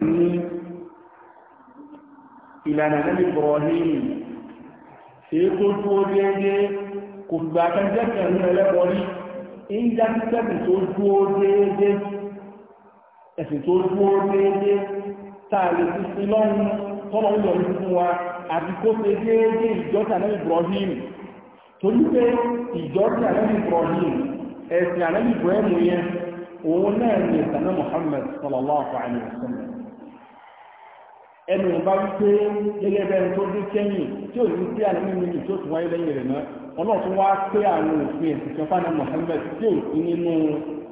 ní ìlànà lẹ́bí Ibrahim èyí tó dúó déédé kò gbà kẹjẹ́kẹ̀ ní ẹlẹ́bọ̀ rí ń já sísẹ́bì tó dúó déédé ẹ̀sìn tó dúó déédé táà lè fi sí lọ́run tọ́lọ̀ ń yọ̀ ní fún wa àti kó ṣe déédé ìjọ́sìn lẹ́bí Ibrahim torí pé ìjọ́sìn lẹ́bí Ibrahim ẹ̀sìn lẹ́bí Ibrahim yẹn òun náà ní ìsànà Muhammad sallallahu alaihi wasallam ẹnu ìbá wípé gẹ́gẹ́ bẹ́ẹ̀ tó dún kẹ́yìn tí ò ní pé àlẹ́ mímu tó tún wáyé lẹ́yìn rẹ̀ náà ọlọ́run tún wá pé àwọn òfin ẹ̀sìn kan fáná Muhammad tí ò sí nínú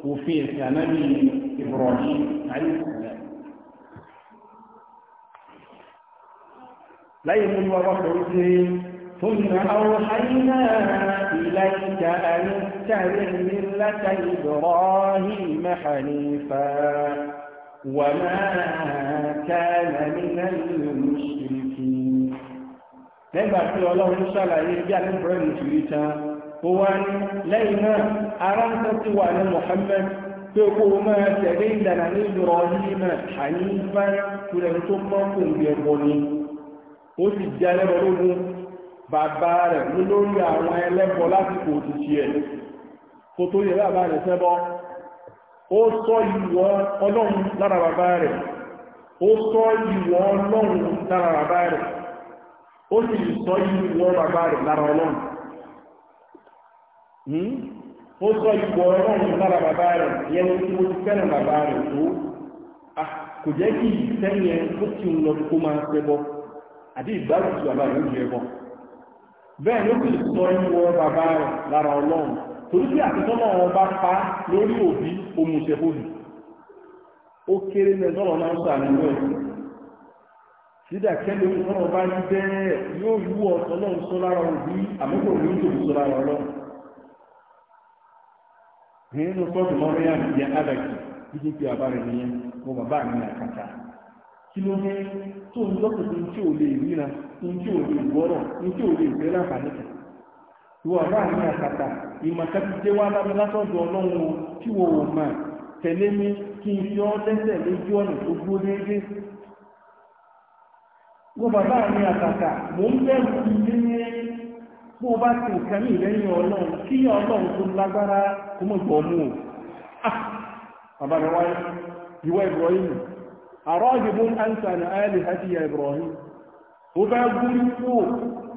òfin ẹ̀sìn ànábì Ibrahim ayélujára. láyé mú ní wàá sọ wípé ثم أوحينا إليك أن اتبع ملة إبراهيم حنيفا وما كان من المشركين nígbà tí ọlọ́run ṣàlàyé bí àníbẹ̀rẹ̀ nìtìrí tán ó wá ní lẹ́yìn náà ara ń tọ́ sí wà ní Muhammad pé kó o máa tẹ̀lé ìlànà ní Ibrahim àyíká kúrẹ̀ tó mọ́ kò ń gbẹ̀bọ̀ ni ó sì jẹ́ ẹlẹ́bọ̀ lógún bàbá rẹ̀ lórí àwọn ẹlẹ́bọ̀ lásìkò òtútù ẹ̀ kó tó yẹ bàbá rẹ̀ sẹ́bọ̀ ó sọ ìwọ ọlọ́run lára bàbá rẹ̀ ó sọ ìwọ ọlọ́run lára bàbá rẹ̀ ó sì sọ ìwọ bàbá rẹ̀ lára ọlọ́run hmm? ó sọ ìwọ ọlọ́run lára bàbá rẹ̀ yẹn tí ti fẹ́ràn bàbá rẹ̀ tó kò jẹ́ kí ó ti ń lọ kó máa àti bàbá rẹ̀ ó sọ ìwọ bàbá rẹ̀ lára ọlọ́run torí bí àtúntọ́nà ọba pa lórí òbí omùsẹ̀fóòdì ó kéré ní ẹ̀tọ́nà náà sàánú ẹ̀ sídà kẹ́lẹ́ ìtọ́nà ọba ní bẹ́ẹ̀ yóò yú ọ̀tọ́ náà sọ lára òbí àmọ́kò ní tòbí sọ lára ọlọ́run nínú sọ́ọ̀tù mọ́ríyá ìyá adàkì títí pé àbá rẹ̀ mo bàbá mi kí ló ní tó ń tí ò lè ní tí ò lè gbọ́rọ̀ ní tí ò lè láǹfààní ìwọ ọ̀rọ̀ àmì àkàtà ìmọ̀kẹ́tìdé wá lábẹ́ látọ̀dọ̀ ọlọ́run tí wo wò mà tẹ̀lé mi kí n yọ lẹ́sẹ̀ lójú ọ̀nà tó gbó déédé wo bàbá àmì àkàtà mò ń bẹ̀rù ilé ní bó bá ti nǹkan lagbara ìlẹ́yìn ọlọ́run kí ọlọ́run tó lágbára kó mọ̀ gbọ́ mú o ah! bàbá wáyé ìwọ Ibrahim àrọ́ ní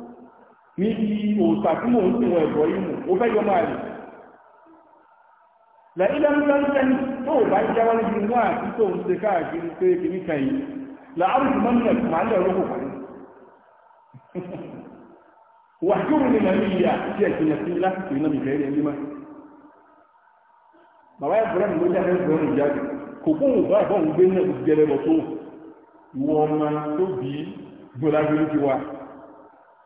níbi òòsà tí mò ń sìn wọn ẹ̀bọ̀ yìí mù ó fẹ́ yọ máa rè lẹ́yìn lẹ́nu tó bá ń jáwọ́ níbi inú àti tó ń ṣe káàkiri pé kìíní kan yìí làárù tí mọ́nà ẹ̀kọ́ máa ń lọ lóko kan wà kí òun ni mà ní ìyá tí ẹ̀ jìnà sí lásìkò iná ìfẹ́ rẹ̀ mímọ́ bàbá ẹ̀ bọ́lá nìgbọ́jà ẹ̀ bọ́lá nìjáde kò fún òun bá ìbọn òun gbé náà gẹ́lẹ́ lọ tó ìwọ ọmọ tó bí gbọ́lá gbé ní ti wa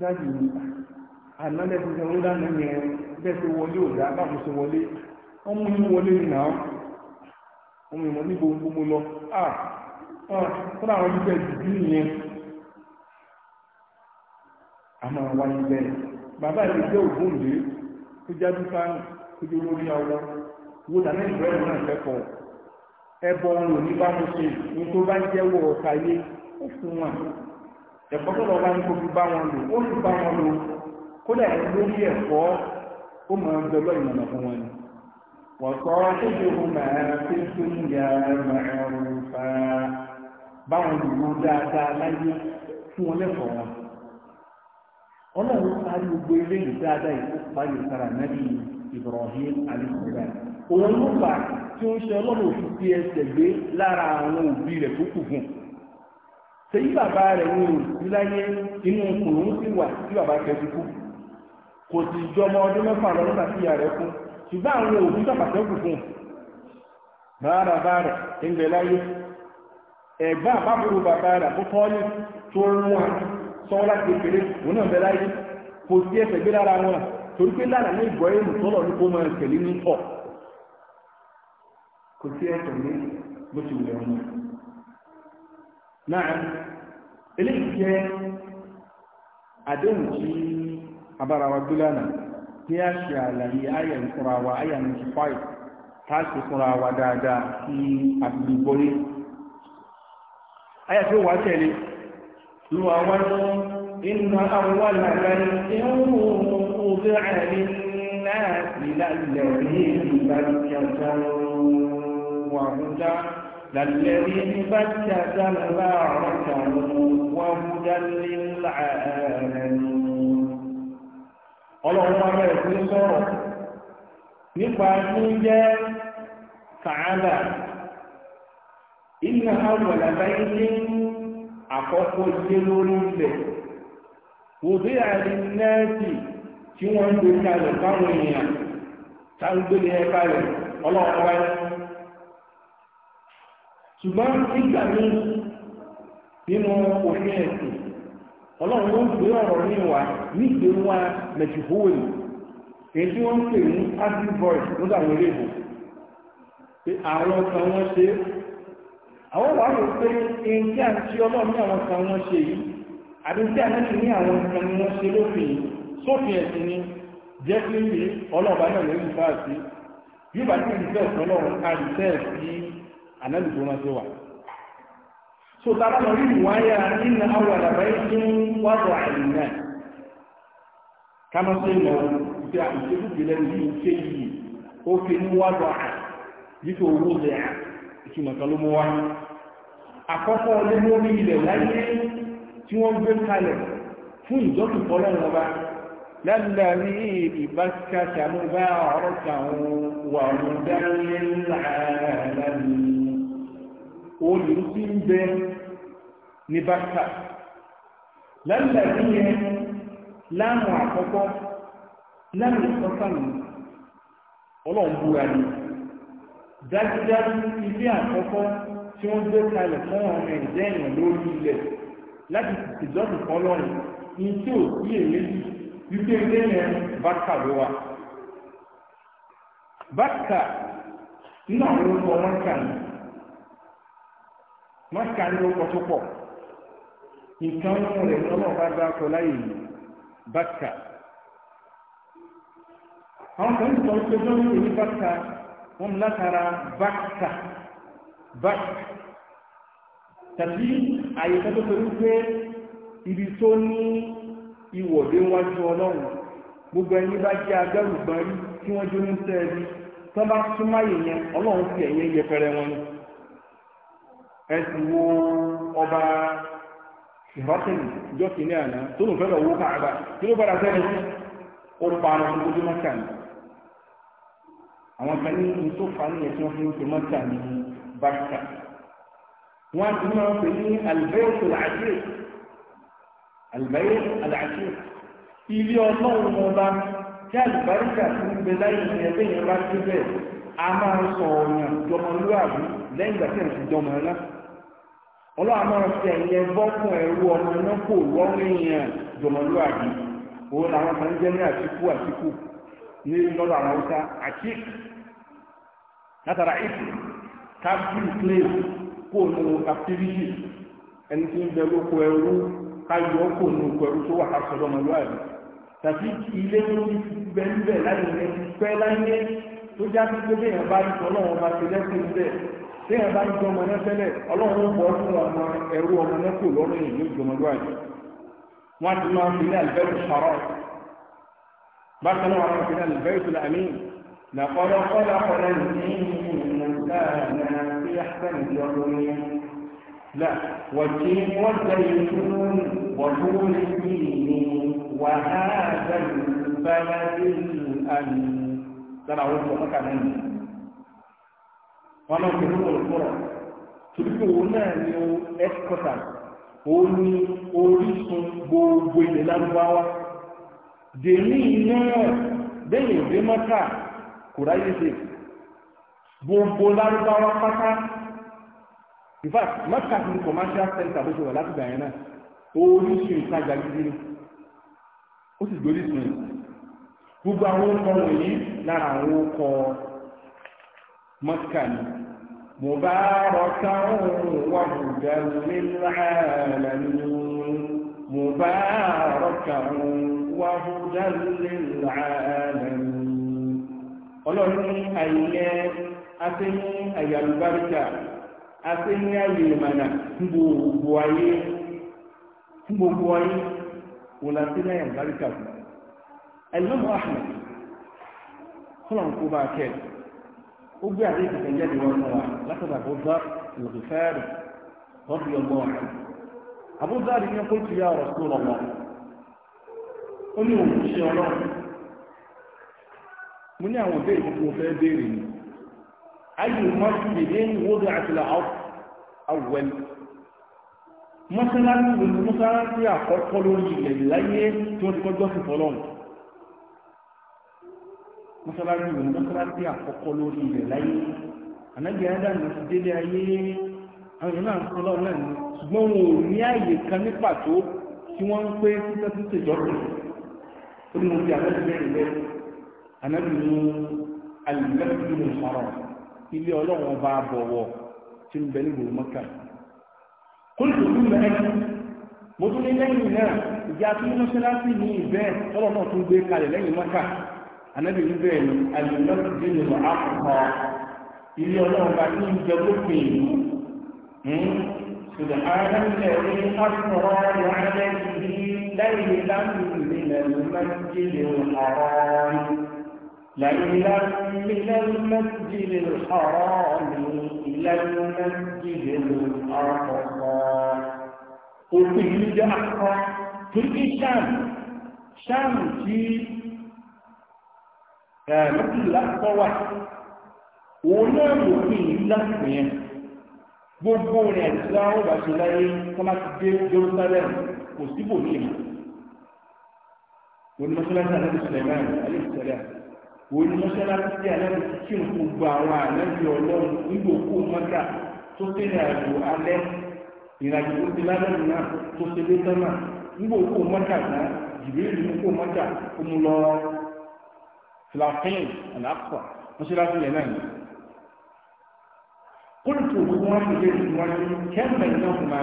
dájú ní ànálẹ́ ti sanwó lánàá yẹn bẹ́ẹ̀ tó wọlé òdà báwo ṣe wọlé wọ́n mú wọlé nìyà wọ́n ìmọ̀ níbo gbogbo lọ à àwọn ibi bẹ́ẹ̀ dìbí nìyẹn a máa wáyé bẹ́ẹ̀ bàbá ìlú jẹ́ ògbóǹde tó jáde fáwọn tó jẹ́ olórí awọ wo dàná ìbúrẹ́lì náà kẹ́kọ̀ọ́ ẹbọ ọ̀run ní bá mo ṣe ní tó bá jẹ́wọ́ ọ̀ka yé ó fún wa ẹ̀kọ́ tó lọ́wọ́ ní kó fi bá wọn lò ó fi bá wọn lò kódà lórí ẹ̀kọ́ ó mọ̀ ọ́n jọlọ́ ìmọ̀nà fún wọn ni. wọ́n sọ ṣéṣe máa fi tún fún wọn lẹ́kọ̀ọ́ ọlọ́run parí gbogbo eléyìí dáadáa Ibrahim òun ló tẹ̀yí bàbá rẹ̀ ní òsì láyé inú kòrún sí wà tí bàbá kẹfì kú kò sì jọ ọmọ ọdún mẹ́fà lọ nígbà tí ìyá rẹ̀ kú ṣùgbọ́n àwọn òbí sàpàtẹ́ kù fún un bàbá bàbá rẹ̀ ń bẹ láyé ẹ̀gbọ́n àbábòrò bàbá rẹ̀ kó tọ́ ní tó ń wà sọ́wọ́ láti kékeré òun náà bẹ láyé kò sí ẹsẹ̀ gbé lára wọn torí pé lánàá ní ìgbọ́ èèmù tọ́lọ̀ ní kó máa tẹ̀lé ní ọ̀ kò sí ẹsẹ̀ ní bó ti wù lẹ́wọ̀n náà náà eléyìí jẹ́ àdéhùn tí abárawa gbé lánàá tí a ṣe àlàyé ayẹ̀ ń fúnra wa ayẹ̀ a ṣe fúnra wa dáadáa kí àbí gbóyè ayẹ̀ tó wà وهدى كالذي بكت البارك وهدى للعالمين ọlọ́run wa bẹ̀rẹ̀ sí sọ̀rọ̀ nípa tí ń jẹ́ kàádà ṣùgbọ́n nígbà míì nínú òfin ẹ̀sìn ọlọ́run ló ń gbé ọ̀rọ̀ ní wa nígbè wa mẹ̀tìfówèlì èyí tí wọ́n ń pè ní active voice ló dà wọlé ìbò pé àwọn kan wọ́n ṣe àwọn wàá rò pé èyí tí à ń ṣe ọlọ́run ní àwọn kan wọ́n ṣe yìí àbí tí a náà ní àwọn kan ni wọ́n ṣe lófin sófin ẹ̀sìn ni jẹ́ pé ọlọ́ọ̀bá náà lórí ìfáàsì bí bàtí ìfẹ́ ọ̀sán ọlọ́run ká ìfẹ́ ànábì tó rán sí wa so tàbá lọ rí ìwáyà nínú àwọn àlàbáyé tó ń wádọ̀ àìlú náà kámọ́ sí ìmọ̀ ìfẹ́ àìsèkú ìlẹ̀ ní ìfẹ́ yìí ó fi ní wádọ̀ à yíkọ owó rẹ̀ à ìtumọ̀ kan ló wá àkọ́kọ́ ọdún lórí ilẹ̀ láyé tí wọ́n gbé kalẹ̀ fún ìjọ́sìn fọlọ́run ọba للذي ببكة مباركا ومدلل العالمين òun ìlú tí ń bẹ ní bàtà lálẹ́ ìyẹn láàmù àkọ́kọ́ láàmù ìsọ́sàmù ọlọ́run búra ni dájúdájú ilé àkọ́kọ́ tí wọ́n gbé kalẹ̀ fún ọmọ ẹ̀jẹ̀ èèyàn lórí ilẹ̀ láti ìjọsìn kan lọ́rùn ní tí ò sí èméjì wípé ilé yẹn bàtà ló wà bàtà nínú àwọn orúkọ wọn kà ní má kárí ó kọ́ tó pọ̀ nǹkan mú rẹ̀ lọ́wọ́ bá dá kọ láyé yìí bàtà àwọn kan sọ pé wọ́n ń pè ní bàtà wọ́n látara bàtà bàtà tàbí àyíká tó torí pé ibi tó ní ìwọ̀dé wájú ọlọ́run gbogbo ẹni bá jẹ́ agbẹ́rùgbọ́n rí tí wọ́n jó ní sẹ́ẹ̀rí tó bá súnmáyè yẹn ọlọ́run fi ẹ̀yẹ yẹpẹrẹ wọn ni ẹ̀sìn wo ọba ìrọ́sìn jọ́sìn ní àná tó lù fẹ́ lọ wó káàbà kí ló padà sẹ́ni ó pa ara tó dé mọ́tà ni àwọn kan ní ní tó fa ní ẹ̀sìn wọn fi ń pe mọ́tà ní bàtà wọn ti máa pè ní albayt al-atiq albayt al ilé ọlọ́run ọba tí àlùbáríkà ti ń bẹ láyé ní ẹgbẹ́ yẹn bá débẹ̀ a máa sọ ọ̀yàn jọmọlúwàbí lẹ́yìn ìgbà tí ẹ̀ jọmọ ẹ̀ náà. ọlọ́wà máa ṣe ẹ̀yẹ bọ́ fún ẹ̀rú ọmọ iná kò lọ́rùn òun làwọn kan jẹ́ ní ní lọ́dọ̀ àwọn àti látara kò captivity ẹni tí ń bẹ lóko ẹrú káyọ̀ kò tó wà ká tàbí ilé tó ń bẹ níbẹ̀ láyé pẹ́ láyé tó tí ẹ bá ń jọ ọmọ náà tẹ́lẹ̀ ọlọ́run bọ̀ fún ọmọ ẹrú ọmọ náà kò lọ́rùn yìí ló jọmọlúwà yìí wọ́n ti e ba n jo omo tele olorun alibẹrù bo fun omo eru omo naa ko lorun yii lo jomoluwa yii won ti maa fi ní àlùbẹ́rù sọ̀rọ̀ bákan náà wọ́n fi ní àlùbẹ́rù tó làmì làkọ́dọ̀ kọ́dọ̀ kọ́dọ̀ ilu لا والتين والزيتون وطول ilu وهذا البلد الأمين ترى وجهك منه wọn náà fi rúkọ̀ lọ́kọ̀rọ̀ tòlúkò òun náà ni ó ẹ́kọ́tà òun ni orísun gbogbo ilẹ̀ lárúbáwá dèmí náà bẹ́ẹ̀ òde mọ́ta kò ráyè ṣe gbogbo lárúbáwá pátá in fact mọ́ta ti ní commercial center bó ṣe wà láti gbà yẹn náà orísun ìtajà gidi ni ó sì gbórí sùn yìí gbogbo àwọn ọkọ wọ̀nyí lára àwọn ọkọ mọ́ta ni. مباركا وهدى للعالمين مباركا وهدى للعالمين ọlọ́run ní ayé asẹ́yìn ayélujára asẹ́yìn ayélujára fún gbogbo ayé fún gbogbo ayé wọ́n la sẹ́yìn ayélujára وجاء ذلك الجد والنواع لقد أبو ذر الغفاري رضي الله عنه أبو ذر قلت يا رسول الله قل لي ومشي الله من يعمل بيت مفادرين أي مسجد وضع في الأرض أول مثلا من المثلا في أقل قلوا لي لله تنقضوا في فلانك mọ́sálásí òun mọ́sálásí àkọ́kọ́ lórí ilẹ̀ láyé ànábì adam ti délé ayé àwọn èèyàn náà ń sọ lọ́wọ́ náà ni ṣùgbọ́n wọn ò ní àyè kan ní pàtó tí wọ́n ń pé títẹ́ tó ṣèjọ́ rẹ̀ ó ní mo fi ànábì mẹ́rin lẹ́yìn ànábì ní alìlẹ́kùn ní ìfarọ̀ ilé ọlọ́run ọba àbọ̀wọ̀ tí ń bẹ ní gbòòrò mọ́kà mo tún ní lẹ́yìn náà ìjà tó ní mọ́sálásí ní ìbẹ́ẹ̀ tọ́lọ́ náà tún gbé kalẹ̀ lẹ́yìn mọ́kà anabi níbẹ̀ ni alimọ́tìdì ni wọ́n á kọ́ ilé ọlọ́run bá ní ìjọ lópin ìlú ṣùgbọ́n ara ń lẹ̀ ní asọ̀rọ̀ wọn lẹ́yìn lẹ́yìn láti ìlẹ̀ lọ́mọdé ọ̀rọ̀ لإلى من المسجد الحرام إلى المسجد الأقصى وفي الأقصى في الشام شام في ẹ̀ẹ́dì lásán wà òun náà lò pé ìlànà yẹn gbogbo rẹ̀ àti láwọn ọba ṣe láyé kọ́ máa ti dé Jerusalem kò síbò ní ìmọ̀ òun ni mọ́ṣáláṣí àlejò Suleiman àlejò sẹ́lẹ̀ òun ni mọ́ṣáláṣí tí àlejò ti kí òun gbogbo àwọn àlejò ọlọ́run nígbà òkú mọ́ta tó ṣe ní àjò alẹ́ ìrìnàjò tó ṣe lálẹ́ náà tó ṣe lé sọ́nà nígbà òkú mọ́ta náà jìbìrì ní òkú mọ́ta ó mú lọ filafin alakpa mọ́ṣáláṣí yẹn náà ni. kóòtù ni wọ́n ti lè fi wọ́n ní kẹ́mbẹ̀ náà fún wa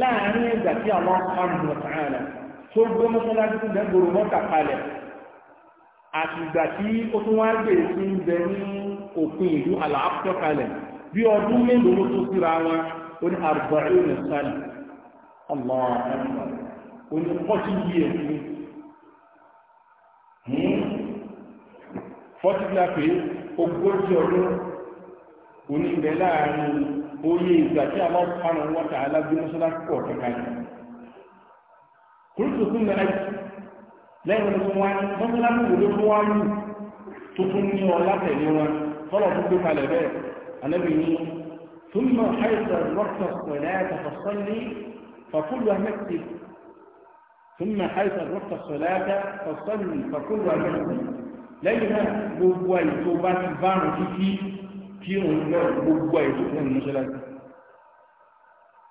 láàárín ìgbà tí àwọn ọmọ ọ̀tàrà tó gbé mọ́ṣáláṣí tó dẹ́gbòrò mọ́ta kalẹ̀ àti ìgbà tí ó tún wá gbé sí ń bẹ ní òpin ìlú àlàáfíà kalẹ̀ bí ọdún mélòó ló tó síra wọn ó ní àrùbọ̀rẹ́ ìlú sálì ọmọ ọ̀tàrà fọ́tíbílà pé ogójì ọdún oníbẹ̀ láàrin oyè ìgbà tí a máa fara wọn ta alágbèmọ́sọ́lá pọ̀ kankan yìí. kúrúkú tún nà áyì lẹ́yìn tó wá ní mọ́sọ́lá tó wọlé tó wá ní tuntun ní ọlá tẹ̀lé wọn fọlọ́ tó gbé kalẹ̀ bẹ́ẹ̀ anábì ní ثم حيث الوقت الصلاة فصلي فكل مسجد ثم حيث الوقت الصلاة فصلي فكل مسجد lẹ́yìn náà gbogbo àyè tó bá ti bárùn títí kí òun lọ gbogbo àyè tó kún ní mọ́ṣáláṣí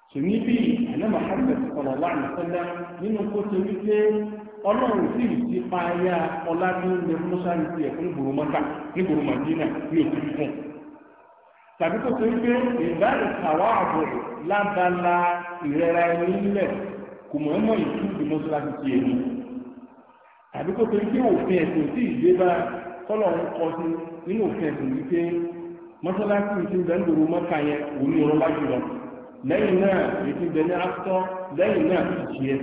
tò níbi àná Muhammad sallallahu alaihi wasallam nínú kó ti wí pé ọlọ́run sì ti pa ayá ọlá ní ilẹ̀ mọ́ṣáláṣí ẹ̀ fún gbòòrò mọ́ta ní gbòòrò màdínà ní òkú fún tàbí tó ti wí pé ìbáàdì àbọ̀ lábala ìrẹ́ra ẹni nílẹ̀ kò mọ̀ọ́mọ̀ ìtú ìmọ̀ṣáláṣí ti ẹ̀ àbí kó torí pé òfin ẹ̀sìn tí ìgbé bá tọ́lọ̀ ń kọ sí nínú òfin ẹ̀sìn wípé mọ́sálásí ti ń bẹ ń dòwó mọ́ka yẹn òun ní ọ̀rọ̀ bá jù lọ lẹ́yìn náà ètò ìbẹ̀ ní afọ́ lẹ́yìn náà ti jì ẹ́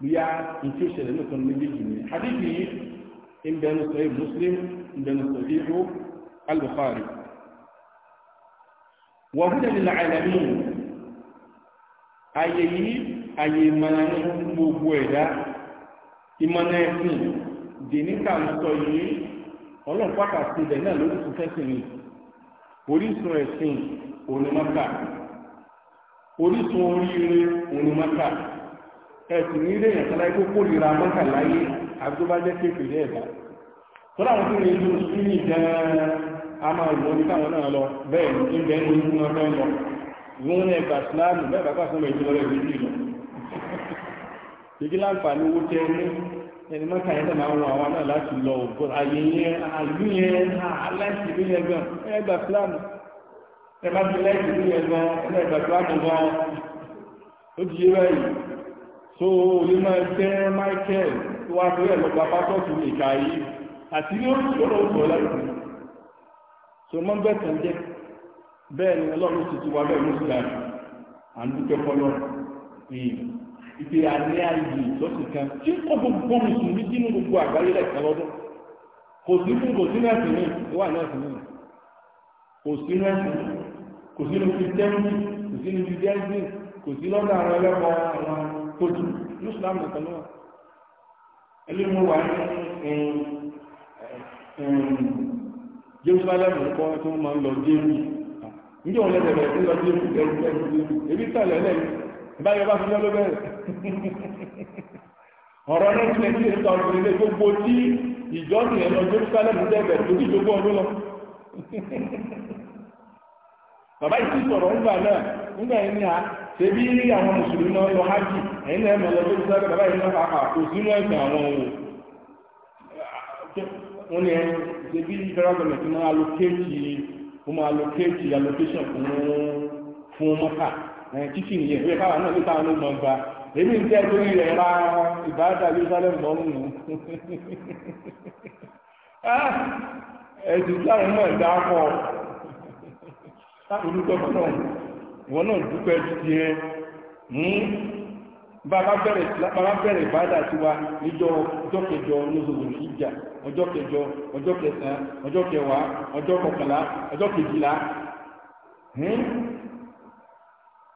bóyá nítí ó ṣẹlẹ̀ nìkan méjèèjì ni àdébì ìbẹnu sọ muslim ìbẹnu sọ ìbù al wọ́n fún ẹ̀lẹ́ àìlẹ́mú ayé yìí ayé ìmọ̀ràn ìmọ̀nà ẹ̀sìn dèníkà ń sọ yìí ọlọ́run pàtàkì ibẹ̀ náà lórí sùfẹ́sìn ni orísun ẹ̀sìn onímọ̀ká orísun oríire onímọ̀ká ẹ̀sìn ní ilé ìyàtọ̀ láyé kó kórìíra láyé àgbébájẹ́ kékeré ẹ̀dá tó lè lu a máa lò ní káwọn náà lọ bẹ́ẹ̀ ní náà fẹ́ lọ ìwọ́n ní ẹgbà bẹ́ẹ̀ owó tẹ́ ẹni mọ́ta yẹn tẹ̀lé àwọn àwọn náà láti lọ ògbó ayé yẹn àlú yẹn aláìsí ìlú yẹn gan ẹ gbà fúlàmù ẹ má fi láìsí ìlú yẹn gan ẹ gbà fúlàmù gan ó di yé báyìí tó olè máa jẹ́ Michael tó wá sí ẹ̀ lọ́gbà pátọ́ọ̀tù ìka yìí àti ní oṣooṣòro ọ̀gbọ̀n láti tó mọ́ bẹ́ẹ̀ tán jẹ́ bẹ́ẹ̀ ni ọlọ́run ti ti wá bẹ́ẹ̀ ló ti dà àdúgbò fọlọ́ ìpè àní àyè lọ́sùn kan tí kò gbogbo mùsùlùmí sínú gbogbo àgbáyé lẹ́ẹ̀kan lọ́dún kò sí fún kò sínú ẹ̀sìn mi ìwà ní ẹ̀sìn mi kò sínú ẹ̀sìn kò sínú kìtẹ́ẹ̀mì kò sínú jùdíẹ́sì kò sí lọ́dọ̀ àwọn ẹlẹ́kọ̀ọ́ àwọn tójú lùsùlámù nìkan náà ẹlẹ́nu wà ní Jerusalem nǹkan tó máa ń lọ Jéru níjọ́ wọn lẹ́sẹ̀ bẹ̀rẹ̀ sí lọ Jéru ẹ̀rù ẹ̀rù ẹ̀rù ẹ̀rù báyọ̀ bá fi yọ́ ló bẹ̀rẹ̀ ọ̀rọ̀ náà ti lẹ́yìn ìta ọ̀rọ̀ ilé gbogbo tí ìjọsìn ẹ̀nà jerusalem dẹ́gbẹ̀ tó ti jogún ọdún lọ bàbá yìí ti sọ̀rọ̀ nígbà náà nígbà yìí ni a ṣe bí rí àwọn mùsùlùmí náà lọ hajj ẹ̀yìn náà mọ̀ lọ jerusalem bàbá yìí náà kà kò sínú ẹ̀sìn àwọn òwò wọn ni ṣe bí federal government máa allocate ó máa allocate allocation fún títí nìyẹn pé káwọn náà níta ló mọ̀ gba èmi ń tẹ́ torí rẹ̀ lọ mú un ẹ̀sùn láwọn náà dá pọ̀ láti dúpẹ́ fọ́nà wọn náà dúpẹ́ ẹ bàbá hmm? bẹ̀rẹ̀ ọjọ́ kẹjọ lóṣooṣù ìjà ọjọ́ kẹjọ ọjọ́ kẹsàn-án ọjọ́ kẹwàá ọjọ́ kọkànlá ọjọ́ kejìlá hmm?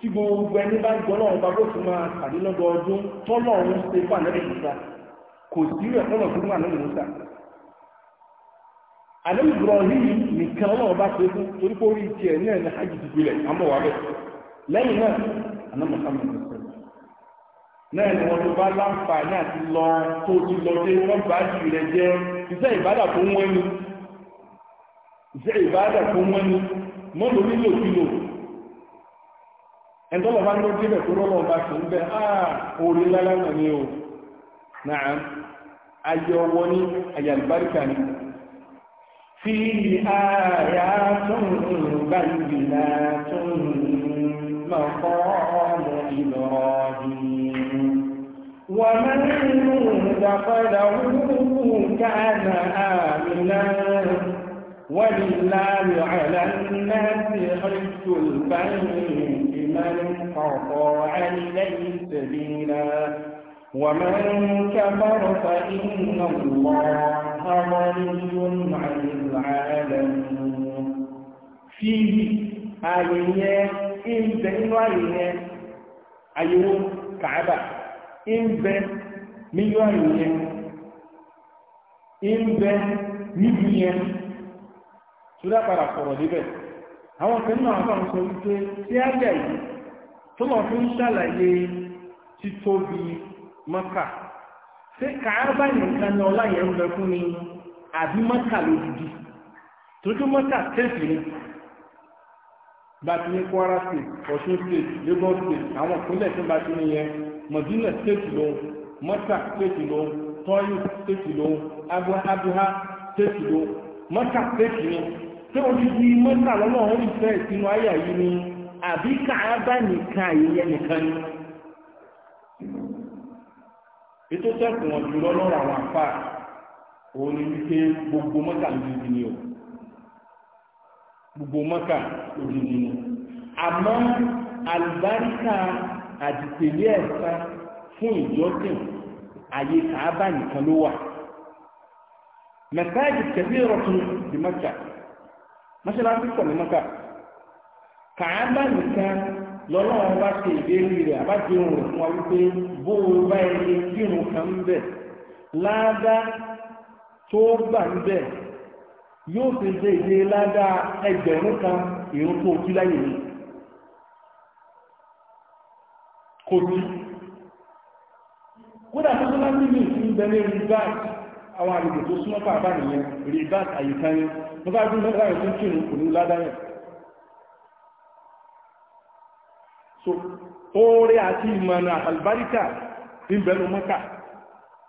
tí gbogbo ẹni bá gbọ́ náà bá gbóṣù máa pàdé lọ́dọ̀ ọdún tọ́lọ̀ ọ̀hún ṣe fún àlẹ́ ìmúta kò sí rẹ̀ tọ́lọ̀ fún àlẹ́ ìmúta àlẹ́ nìkan bá ṣe fún torí ní hajj ti gbilẹ̀ àmọ́ náà ni wọn tó bá láǹfààní àti lọ tó ti lọ dé wọn bá jù rẹ jẹ ìbádà tó ń ẹ̀dọ́lọ̀ bá ló débẹ̀ tó rọ́lọ́ bá sùn bẹ́ àà orí lálánà ni o náà ayé ọwọ́ ní ayé àlùbáríkà ni fi ààyà tún bá ìbí náà tún mọ̀kọ́ ọmọ ìlọ́ọ̀dún ومن دخله كان آمنا ولله على الناس حج البيت لمن قطع إليه سبيلا ومن كفر فإن الله غني عن العالمين فيه آية إن بين آية أيوه كعبة إن بين ميو آية إن بين ميو آية سورة para àwọn kan náà bá ń sọ wípé tí a gà yìí tó lọ fi ń ṣàlàyé títóbi mọ́kà ṣé kàábà nìkan ni ọlá yẹn ń bẹ fún ni àbí mọ́kà lójijì tójú mọ́kà tẹ́sì ni bàtí ní Kwara state Ọ̀ṣun state Lagos state àwọn ìpínlẹ̀ tí bàtí ní yẹn Mọ̀dínà state lòun mọ́kà state lòun tọ́yù state lòun abuha state lòun mọ́kà state ni. pé odidi mọ́tà lọ́nà òun ìfẹ́ ìsinú ayé yìí ni àbí káàbá nìkan nìkan ni. ètò sẹ́kùn wọn jùlọ àwọn àfà òun ni wípé gbogbo mọ́tà ni o gbogbo mọ́tà lódìdí ni àmọ́ àlùbáríkà àdìtẹ̀lé ẹ̀sán fún ìjọsìn àyè káàbá nìkan ló wà. kẹ́bí mọ́ṣáláṣí pọ̀ ní mọ́kà kàábà nìkan lọ́lọ́run bá ṣe ìbéèrè rẹ̀ àbájọ rẹ̀ fún wa wípé bó o bá ẹni kírun kan ń bẹ̀ ládàá tó gbà ń bẹ̀ yóò fi ṣe ìdè ládàá ẹgbẹ̀rún kan ìrún tó ojú láyè ní kò ní kódà tó tó láti ní ìsìn bẹ́ẹ̀ ní rí báyìí àwọn àgbègbè tó súnmọ́ pàápàá nìyẹn rí bá àyíká yẹn wọ́n bá dún mẹ́ta yẹn tó ń kírun kò ní ládáyẹ̀ so oore àti ìmọ̀nà àtàlùbáríkà ń bẹ ló mọ́kà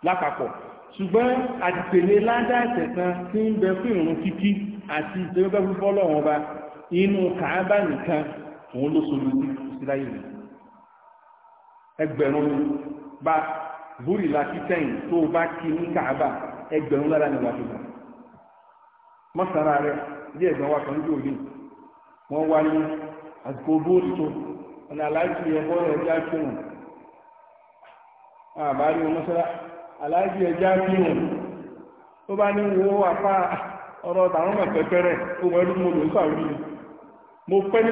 lápapọ̀ ṣùgbọ́n àtìpèlé ládá ìtẹ̀sán tí ń bẹ fún ìrun kíkí àti ìtẹ́wọ́gbẹ́ fífọ́ lọ́wọ́n ba inú kàábà nìkan òun ló sọlù sí ìsíláyè rẹ̀ ẹgbẹ̀rún bá búrìlà kíkẹ́yìn tó bá kí ní kàábà ẹgbẹ̀rún lára ni wà fi gbà mọ́sára rẹ wa kan ń dòní wọ́n wá ní àsìkò bóòtù ọ̀nà aláàjì ẹ̀kọ́ ẹ̀já kírun àbárí mọ́sára aláàjì ẹ̀já kírun tó bá ní wo apá ọ̀rọ̀ tàwọn mọ̀ pẹ́pẹ́rẹ́ tó wọ́n rí mo lò ń mo pẹ́ ní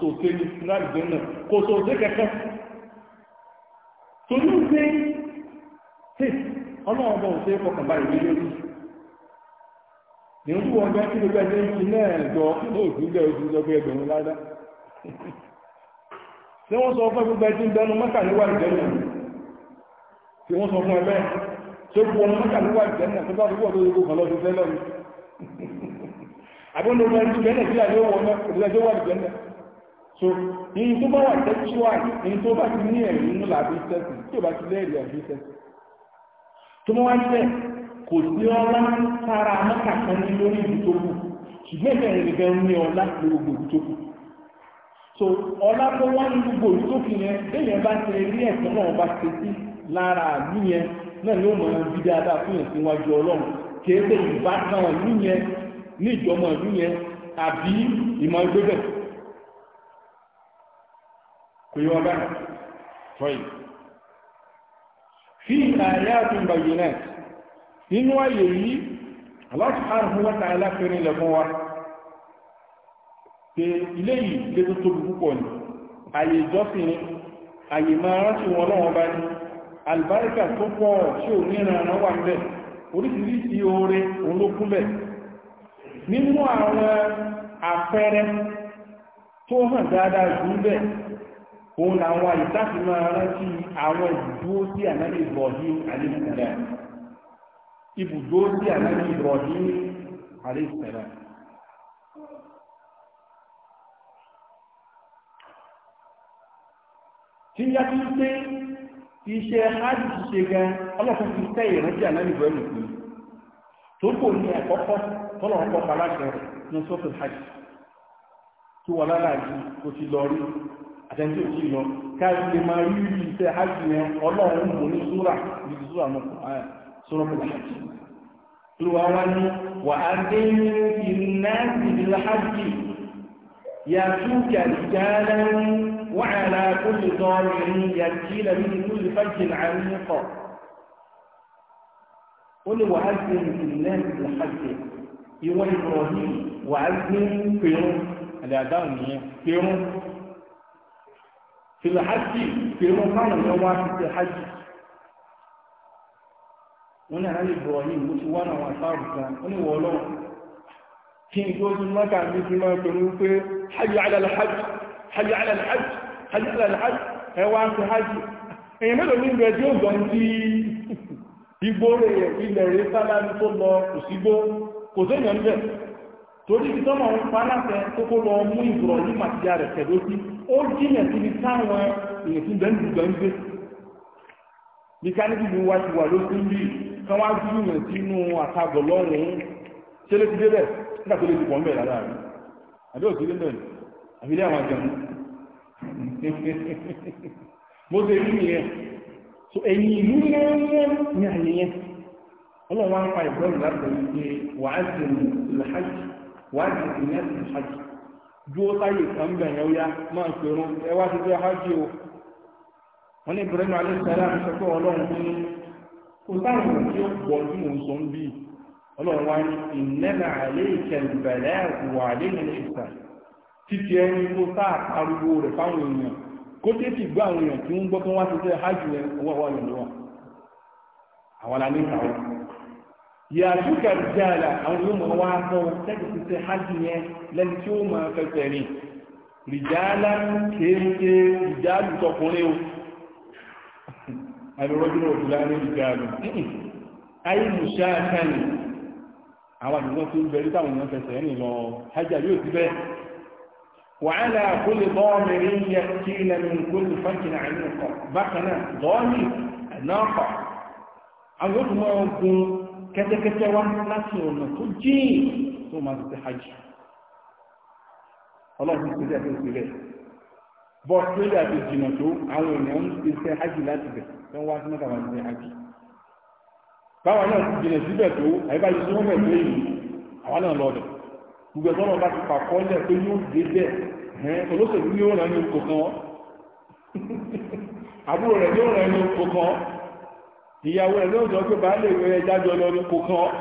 sòté ní láìgbé náà kò sòté kẹkẹ torí ń pé tí ọlọ́run bọ̀ ṣe é fọkàn báyìí lé lórí nínú ọjọ́ tí gbogbo ẹgbẹ́ ń fi náà jọ lóòtú bẹ́ẹ̀ ojú lọ bí ẹgbẹ̀rún ládá tí wọ́n sọ fún gbogbo ẹtí ń bẹnu mọ́kà níwà ìjẹ́nà tí wọ́n sọ fún ẹgbẹ́ tó kú ọmọ mọ́kà níwà ìjẹ́nà tó bá gbogbo ọdún kan lọ́dún fẹ́ lọ́nu àbúrò ọmọ ẹtí bẹ́ẹ̀ nàìjíríà ló wọ ọmọ ìjẹ́nà so ní tó bá wà textual ní tó bá ti ní ẹ̀rí nínú làbí sẹ́sì tí ò bá ti lẹ́ẹ̀rí àbí sẹ́sì tó mọ́ wáyé bẹ́ẹ̀ kò sí ọlá sára mọ́kàkan ní lórí ìlú tó kù ṣùgbọ́n ìfẹ́ rẹ̀ gẹ́gẹ́ ní ọlá ní gbogbo ìlú tó kù so ọlá tó wá ní gbogbo ìlú tó kù yẹn bẹ́ẹ̀ bá ti rí ẹ̀sán náà bá ti sí lára àbí yẹn náà ni ó mọ̀ bí dáadáa fún yẹn síwájú ọlọ́run kì í ṣe ìbátan ìlú yẹn ní ìjọmọ ìlú yẹn àbí ìmọ̀ ẹgbẹ́ bẹ́ẹ̀ kuiwa bana a fi ayatun bayyinat nínú ayé yìí Allah subhanahu wa ta'ala fẹ́rẹ̀ lẹ wa pé ilé yìí lé tó tóbi ni ayé ìjọsìn ni ayé máa rántí wọn bá ní albarika tó ò ní wà oríṣiríṣi oore òun ló nínú àwọn tó hàn dáadáa jù òun làwọn àyíkáàtì máa rántí àwọn ibùdó sí ànábì Ibrahim àdéhùnṣẹlẹ ibùdó sí ànábì Ibrahim àdéhùnṣẹlẹ. tí yá tí ń pé iṣẹ́ hajj ṣe gan ọlọ́fún fi tẹ́ ìrántí ànábì Ibrahim kù tó kò ní àkọ́kọ́ tọ́lọ̀ ọkọ̀ paláṣẹ ní sọ́tò hajj tí wọ́n lára yìí kò ti lọ rí àtẹ̀ntí ò sí lọ káàkiri lè máa rí rí iṣẹ́ hajj yẹn ọlọ́run mú ní súrà ní súrà mọ́ sọ́rọ́ pẹ̀lú hajj ló wá wá ní wà á dé ní ìnáàtì ìlú hajj ياتوك رجالا وعلى كل ضامر يأتين من كل فج عميق قل وأذن في الناس بالحج هو إبراهيم وأذن فيرون الأذان فيرون fìlà hajj fìlà káwọn yẹn wá sí ti hajj wọn ní àlè bọ̀ yìí mo ti wá náà wọn sáàrù kan wọn ní wọ́ọ́ lọ́wọ́ kí n tó tún mọ́ta mi ti máa pẹ̀lú pé hajj alàlẹ́ hajj hajj alàlẹ́ hajj hajj alàlẹ́ hajj ẹ wá sí hajj ó jìnà síbi táwọn èèyàn tún bẹ́ẹ̀ dùgbọ́ ń gbé mẹkáníkì ló wá ti wà lókun bí kan wá dúró yàn sínú àtàgọ̀ lọ́rùn ṣe lè ti débẹ̀ nígbà tó lè ti pọ̀ ń bẹ̀ lára rẹ̀ àbí òsì lè bẹ̀rẹ̀ àbí ilé àwọn àjẹmú mo ṣe rí nìyẹn so ẹ̀yìn ìlú yẹn ní àyè yẹn ọlọ́run wá ń pa ìgbọ́rùn láti ṣe wàá sí ìlú hajj wàá ìlú hajj juo sáyè kan bẹ̀yẹ̀ ó yá máa pèrún ẹ wá ti jẹ́ hajj o wọ́n ní ọlọ́run kò tí ó gbọ́ tí mò ń sọ ń bí ọlọ́run wá ní ìnẹ́nà àlẹ́ ìwà àlẹ́ ìnẹ́nà ìsà títí ẹni tó pariwo rẹ̀ fáwọn èèyàn kó gbọ́ àwọn èèyàn tí yàtúkà jàlá àwọn yóò mọ̀ wá sọ tẹ́kì ti ṣe hajj yẹn lẹ́ni tí ó mọ̀ fẹsẹ̀ rìn rìjàlá kéèké ìjàlù tọkùnrin o àìrọ́júlọ̀ òjòlá ní ìjàlù ayé mùsáàkánì àwọn àdúgbò tó ń bẹ̀rẹ̀ táwọn èèyàn fẹsẹ̀ rìn lọ hajj yóò ti bẹ́ẹ̀ وعلى كل ضامر يأتين من كل فج عميق بقنا ضامر ناقة أو يطمع kẹ́tẹ́kẹ́tẹ́ wá láti ọ̀nà tó jíì tó máa ti hajj ọlọ́run ti ṣe ìpínlẹ̀ bọ́ australia ti jìnnà tó àwọn èèyàn ń ti ṣe hajj láti bẹ̀ tó ń wá sí mẹ́ta máa ti ṣe hajj báwa náà ti jìnnà síbẹ̀ tó àyíká yìí tí wọ́n bẹ̀ tó èyí àwa náà lọ bẹ̀ gbogbo ẹ̀tọ́ náà bá ti pàkọ́ lẹ̀ pé yóò dé bẹ̀ ẹ̀hẹ́n ìyàwó ẹ̀ lóòjọ́ pé bá lè rẹ̀ jájọ lọ ní kò kán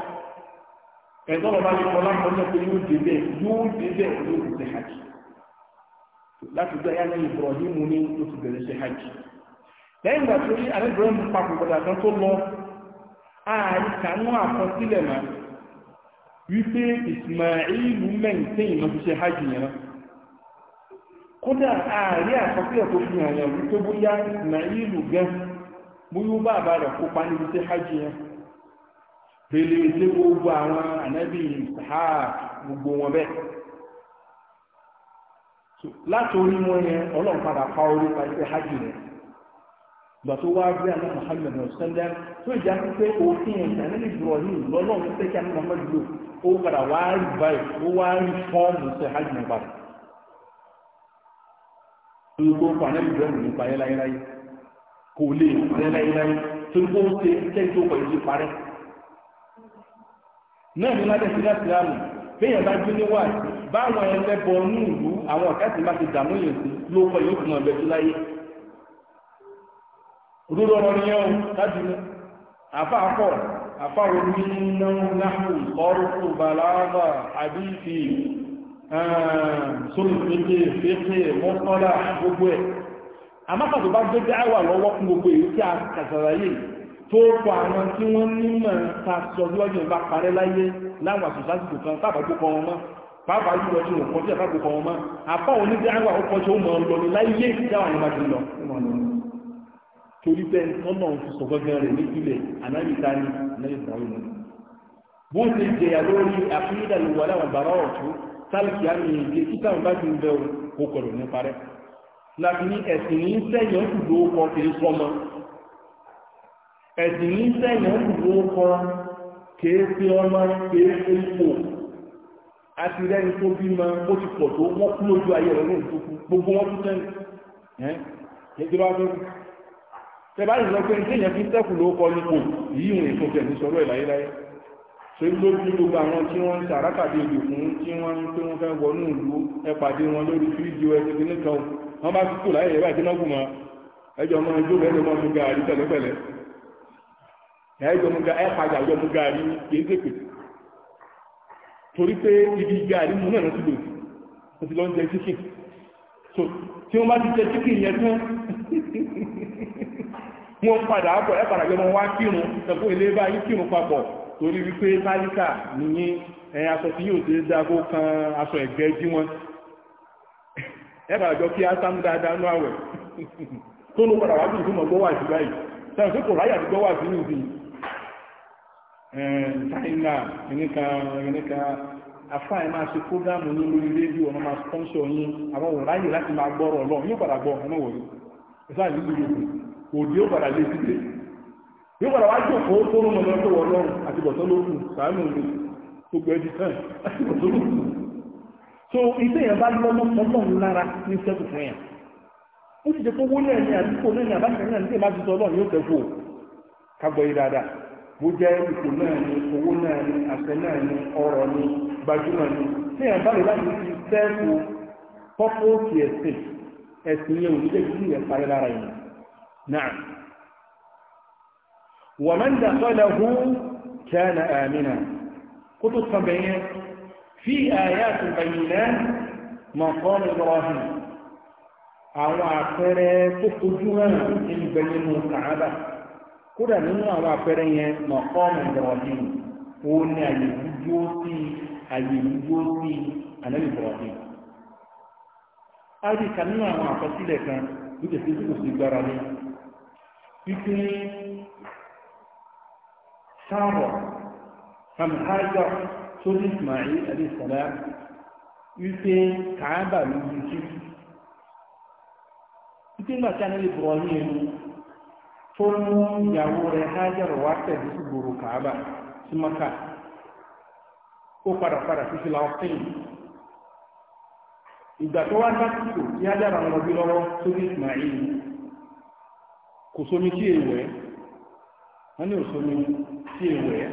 ẹ̀tọ́lọ̀ bá lè kọlá kan náà pé yóò débẹ̀ yóò débẹ̀ yóò ti ṣe hajj láti gbé ayé Ibrahim ní ó ti bẹ̀rẹ̀ ṣe hajj lẹ́yìn ìgbà tó tó lọ ààrí kanú àkọsílẹ̀ mà wípé mẹ́ǹtẹ́ ìmọ̀ ti ṣe hajj yẹn kódà ààrí àkọsílẹ̀ tó fi hàn wípé bóyá múyú bàbá rẹ̀ kópa níbi tí hajj yẹn pèlè tí gbogbo àwọn ànábì ìsáà gbogbo wọn bẹ́ẹ̀ láti orí wọn yẹn ọlọ́run padà pa orí pa ibi hajj rẹ̀ gbà tó wá bí àná Muhammad ọ̀sẹ́ndẹ́ tó ìjà ń òfin ẹ̀sìn àná Ibrahim lọ́lọ́run pé kí àná Muhammad lò ó padà wá rí báyìí ó wá rí fọ́ọ̀mù sí hajj náà padà. Gbogbo àná Ibrahim nípa ayéláyéláyé kò lè parẹ́ láíláí tó ń kó ń ṣe iṣẹ́ tó kọ̀ ìdí parẹ́. náà ní ládẹ́ sílá sílámù béèyàn bá gbé ní wáàsí báwọn ẹlẹ́bọ ní ìlú àwọn ọ̀ká sì máa ti dààmú yẹn sí ló kọ yóò fún ọ̀bẹ tó láyé. òdodo ọ̀rọ̀ ni o láti mú àfa àkọ́ àfa omi náà náà ọ̀rọ̀ tó bàlágà àbí fi sólùfẹ́kẹ́ fẹ́kẹ́ mọ́kànlá gbogbo ẹ̀ àmọ́kàtò bá gbé dáwà lọ́wọ́ fún gbogbo èyí tí a kàtàrà yìí tó kọ àwọn tí wọ́n nímọ̀ ta sọ lọ́jọ́ ìbá parẹ́ láyé láwọn àṣòsáṣìkò kan tábàgbò kan wọn mọ́ pàápàá jùlọ tí wọ́n kọjú àtàgbò kan wọn mọ́ apá òní dáwà ó kọjú ó mọ̀ ọ́n lọ ní láyé dáwà ní májú lọ torí bẹ́ẹ̀ tọ́nà ń sọ gọ́gẹ́ rẹ̀ nípìnlẹ̀ anáyíta ni anáyítarí ni bó ṣe jẹyà lórí àfihàn ìwà láwọn bàbá ọ̀tún sálùkì àmì ìgbé títà ń bá ti ń bẹ o kò kọ̀rọ̀ láti ní ẹ̀sìn ní sẹ́yìn kùdó kan kìí sọmọ ẹ̀sìn ní sẹ́yìn kùdó kan kìí fi ọmọ kìí fi ipò àti rẹ́ni tó bímọ ó ti pọ̀ tó wọ́n kú lójú ayé rẹ̀ lóòrùn tó kú gbogbo wọn tún sẹ́yìn ẹ́ ìjọba tó kú tẹ̀bá ìlọ pé ní èèyàn fi sẹ́kù ló kọ nípò yìí ìrìn ìfòkẹ̀ ní sọ̀rọ̀ ìláyéláyé ṣe lójú gbogbo àwọn tí wọ́n ń sàrákàdé ìdè fún tí wọ́n ń pé wọ́n fẹ́ wọnú ìlú ẹ wọn lórí fídíò ẹgbẹ̀gbẹ̀ nìkan wọ́n bá ti kú láyé ìwà ìdínágùn mọ́ ẹjọ́ mọ́ ojú rẹ̀ lọ́mọ́ mu gàrí pẹ̀lẹ́pẹ̀lẹ́ ẹjọ́ mu gàrí ẹ̀pàjà ọjọ́ mu gàrí kìí ṣèpè torí pé ibi gàrí mu náà ti lò ó ti lọ ń jẹ chicken so tí wọ́n bá ti jẹ chicken yẹn tán wọ́n padà bọ̀ ẹ̀ padà gbẹmọ wá kírun tẹ̀kọ́ ilé báyìí kírun papọ̀ torí wípé tálíkà nìyí ẹ̀yìn aṣọ tí yóò dé dágó kan aṣọ ẹ̀gẹ́ jí wọn ẹ̀bà àjọ kí á sáàmù dáadáa ní àwẹ̀ tó ló padà wá bí ìfúnmọ̀ gbọ́wà sí báyìí sáà fún kò ráyà gbọ́wà sí nìdí ṣáìnà ẹ̀nìkà ẹ̀nìkà máa ṣe fógámù ní lórí rédíò máa yín àwọn láti máa gbọ́rọ̀ yóò padà gbọ́ ní ìlú yóò so ilé ya bá lọ́mọ ọlọ́run lára ní sẹ́kù fún yẹn ó sì jẹ́ pé owó náà na àdúgbò náà ní àbáṣe náà nígbà máa ti sọ ọlọ́run yóò tẹ̀kù kágbọ́ yìí dáadáa bó jẹ́ ipò náà ní owó náà ní àṣẹ náà ní ọrọ̀ ní láti fi yẹn في آيات البينات مقام إبراهيم àwọn àpẹẹrẹ tó fojú hàn ní gbẹ̀yìnmù kàábà kódà nínú àwọn àpẹẹrẹ yẹn mọ̀kọ́mù ìbọ̀rọ̀dìn ó ní àyè dúdú sí àyè dúdú sí ànábì ìbọ̀rọ̀dìn. a ka sórí ismail alayisala wípé kàábà ló ń jí wípé nígbà tí a nílé bọ̀ọ̀lù ẹnu tó mú ìyàwó rẹ̀ hájàrò wá tẹ̀lé sí gbòòrò kàábà sí maka ó padà padà sí fìlà ọ̀sìn ìgbà tó wá dásìkò tí hájàrò àwọn ọbí lọ́wọ́ sórí kò sómi tí èèwẹ̀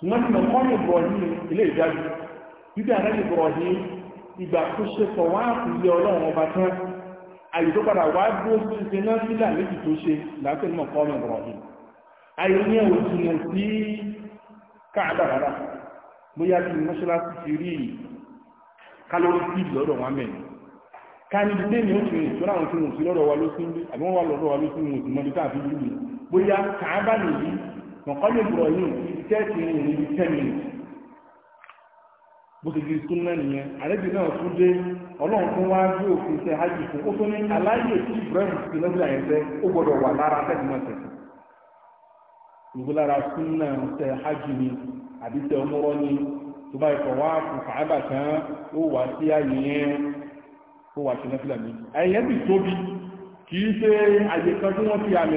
ṣùgbọ́n tí mọ̀kọ́ ní Ibrahim ilé ìdájú bíbí àrẹ́lẹ̀ Ibrahim ìgbà tó ṣe sọ wá ilé ọlọ́run ọba tán àyè tó padà wá dúró sí ṣe náà sílà méjì tó ṣe láti mọ̀kọ́ ní Ibrahim àyè ní ẹ̀wọ̀ jìnà sí káàdà rárá bóyá kí mọ́ṣáláṣí ti rí kálórí sí lọ́dọ̀ wọn mẹ́rin ká ní ilé ní oṣù rìn ìṣúra àwọn tí mo sì lọ́dọ̀ wa ló sí ń àbí wọ́n wà lọ́dọ̀ wa ló sí mo sì mọ́ bí káàfin lùlù bóyá kàá nìyí mọ̀kọ́ ní Ibrahim tẹ́ẹ̀tì ní ìlú tẹ́mìnì bó ti di súnmọ́ nìyẹn àlejò náà tún dé ọlọ́run tó wá gbé òfin tẹ hajj fún ó tó ní aláyè tí ibrahim ti lọ́dún àyẹ̀ fẹ́ ó gbọ́dọ̀ wà lára tẹ́sí náà tẹ̀sí ìwé lára tẹ hajj ni àbí tẹ ọmọrọ ni tó wá fún fàábà kan ó wà sí ó wà sí mi ẹ̀yẹ́ tóbi kì í ṣe àyè kan tí wọ́n fi àmì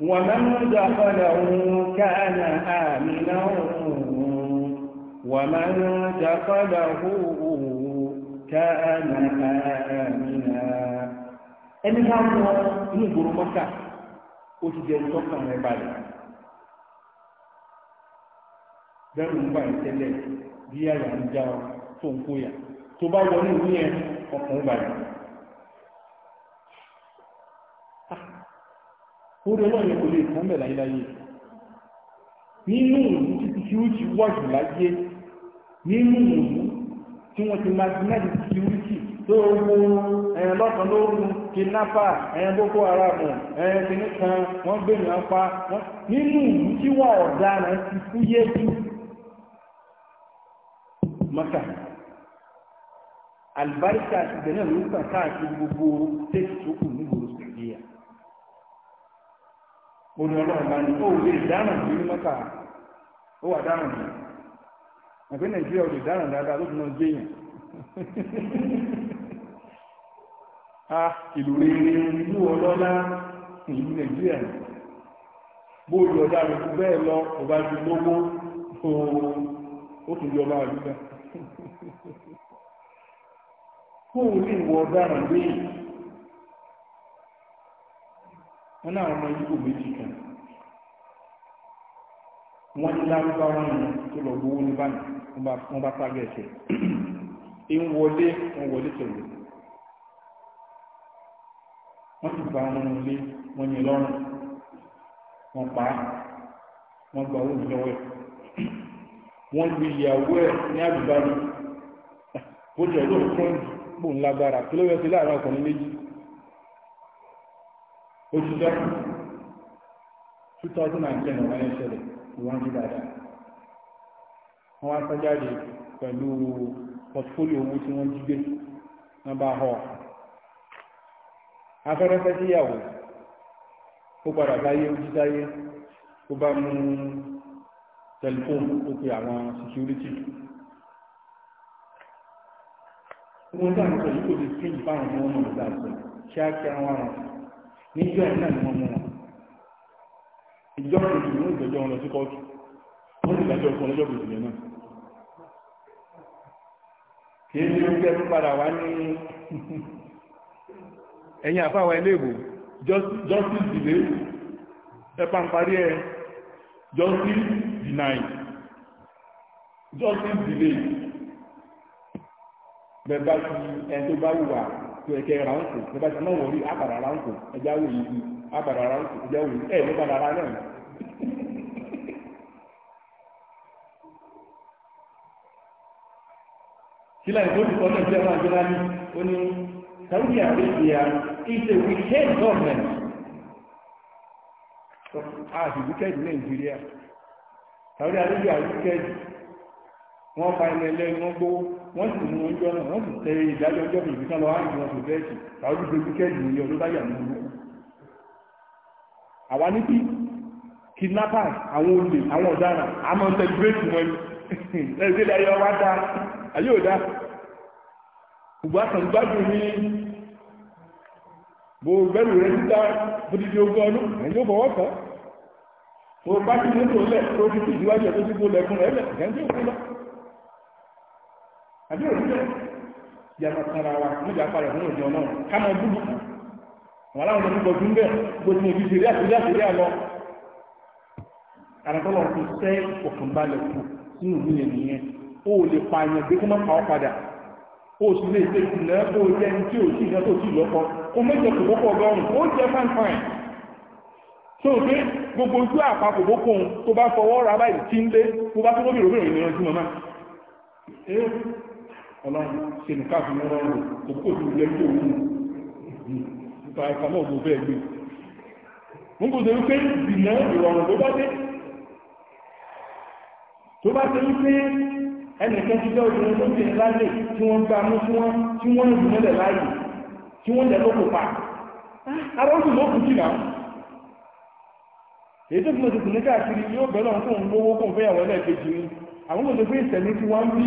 وَمَنْ دَخَلَهُ كَانَ آمنا وَمَنْ دَخَلَهُ كَانَ آمنا ẹni ká mú ọ ní ìgboro mọ́kà ó ti jẹ ìtọ́ka rẹ balẹ̀ bẹ́ẹ̀ ń bá ìtẹ́lẹ̀ bí àyà ń já tó ń kóyà tó bá wọlé ìwé ẹ ọkàn balẹ̀. orí ọlọ́run kò lè tán bẹ̀ láyéláyé nínú ìlú títí tí ó ti wọ̀ láyé nínú ìlú tí wọ́n ti magnet security tó owó ẹ̀yàn lọ́sàn lóru kidnappa ẹ̀yàn boko haram ẹ̀yàn kìíní kan wọ́n gbèmí apá nínú ìlú tí wọ́n ọ̀daràn ti fúyé jù mọ́kà àlùbáríkà ti bẹ̀rẹ̀ ló káàkiri gbogbo tẹ́sí tó kù oní ọlọ́run bá ní ó lè dáràn sí ní mọ́kà ó wà dáràn sí àgbẹ̀ nàìjíríà ò lè dáràn dáadáa ló fi náà gbéyàn a ah, ìlú rere ìlú ọlọ́lá ìlú nàìjíríà bóòlù ọ̀dà rẹ̀ kú bẹ́ẹ̀ lọ ọba ju lówó ó tún yọba àdúgbà kó o lè wọ ọ̀daràn léyìn wọn náà ọmọ yíbò méjì kan wọn ní lárúbáwá yẹn tó lọ gbowó ní báyìí wọn bá tágẹ̀ ẹ̀sẹ̀ ń wọlé wọn wọlé tẹ̀lé wọn sì gba ọmọ ilé wọn yẹn lọ́rùn wọn pa á wọn gba owó ìjọwọ́ ẹ̀ wọn lu ìyàwó ẹ̀ ní àdúgbò bó jẹ́ lóòótọ́ bò ń lágbára kí ló yẹ sí láàárín ọkùnrin méjì oṣù kẹfà two thousand and ten ọ̀rọ̀ yẹn ṣẹlẹ̀ ìwọ́n ti dáadáa wọ́n wá sájáde pẹ̀lú pọtifólíò owó tí wọ́n jí gbé nọ́mbà họ afẹ́rẹ́fẹ́ síyàwó ó padà báyé ó jí ó bá mú tẹlifóònù ó pe àwọn security wọ́n dáhùn sọ yìí kò lè sí ìfáwọn ọmọ ọmọ ìgbà sọ kíákíá wọn rán níjọ́ ẹ̀ náà ni wọ́n mú wọn ìjọ kejì ní ìgbẹ́jọ́ wọn lọ sí kóòtù wọ́n sì dájọ́ fún ọlọ́jọ́ kejì yẹn náà kìí ṣe oúnjẹ tó padà wá ní ẹ̀yìn àfáwọn ilé ìbò justice delay ẹ̀pà ń parí ẹ̀ justice denied justice delay bẹ́ẹ̀ bá ti ẹni tó bá wù tó ẹ̀kẹ́ ra ń kù nígbà tí wọ́n wọ̀rí àbàrà ra ń kù ẹja wò yìí àbàrà ra ń kù ẹja wò yìí ẹ̀ ló padà ra náà. sílẹ̀ ìgbóni sọ náà bí ọmọ àjọyọ̀ ní ó ní Saudi Arabia is a wicked government a sì wicked Nàìjíríà Saudi Arabia wicked wọ́n fa ẹni ẹlẹ́ni wọ́n gbówó wọ́n sì mú ọjọ́ náà wọ́n sì tẹ ìdájọ́ ọjọ́ mi ìbíkan lọ áìsì wọn sì bẹ́ẹ̀sì tàbí gbogbo kẹ́ẹ̀dì ní ọdún báyà ní ìlú àwa ní kí kidnappers àwọn olè àwọn ọ̀daràn a máa ń celebrate wọn ni ẹgbẹ́ ilẹ̀ ayọ́ wa dá ayé òdá ṣùgbọ́n àtàn gbádùn ní bó bẹ́rù rẹ̀ títà fúdídí ogún ọdún ẹ̀yìn ó fọwọ́ kàn tó bá ti ní tòlẹ̀ tó ti fi ìdíwájú ẹ̀ tó ti gbó lẹ̀kùn rẹ̀ lẹ̀ ẹ̀yìn ó fún àbí òjijọ́ ìyàtọ̀ sára wa níjà apá rẹ̀ fún òjò náà ká máa búlù wọn láwọn ọmọ nígbà dúnbẹ̀ gbogbo ìbí ṣeré àṣírí àṣírí àlọ àràtọ́lọ́ fi sẹ́ ìfọ̀kànbalẹ̀ kù sínú ìlú yẹn nìyẹn ó lè pa àyàn gbé kó má pa ọ́ padà ó sì lè ṣe ìsìnlẹ̀ ó jẹ́ ní tí ò sí ìyàn tó sì lọ́kọ́ ó méjọ kò bọ́kọ̀ ọgọ́rùn ó jẹ́ fáńfáìn tó pé gbogbo ojú àpapọ̀ bókun tó bá fọwọ́ ra báyìí tí ń lé tó bá tó lóbìnrin òbìnrin ìrìnàjò mọ́mọ́ ọlọ́run ṣe nìká fún ọ̀rọ̀ ọ̀rọ̀ kò kó tó jẹ́ tó wù nípa ẹ̀ka náà mo bẹ́ẹ̀ gbé mo kò sọ wípé ìdìnnà ìrọ̀rùn tó bá dé tó bá dé wípé ẹnìkan ti jẹ́ obìnrin tó ti lálẹ́ tí wọ́n gbá mú tí wọ́n tí wọ́n ń dùn mọ́lẹ̀ láàyè tí wọ́n lẹ̀ lóko pa ah, ara ó sì ló kù jìnnà èyí tó fi mọ̀ tuntun ní káàkiri yóò bẹ̀rẹ̀ ọ̀hún fún òun lówó kóun fẹ́yàwó ẹlẹ́ẹ̀kejì ni àwọn kò ìṣẹ̀lẹ̀ tí wọ́n ń bí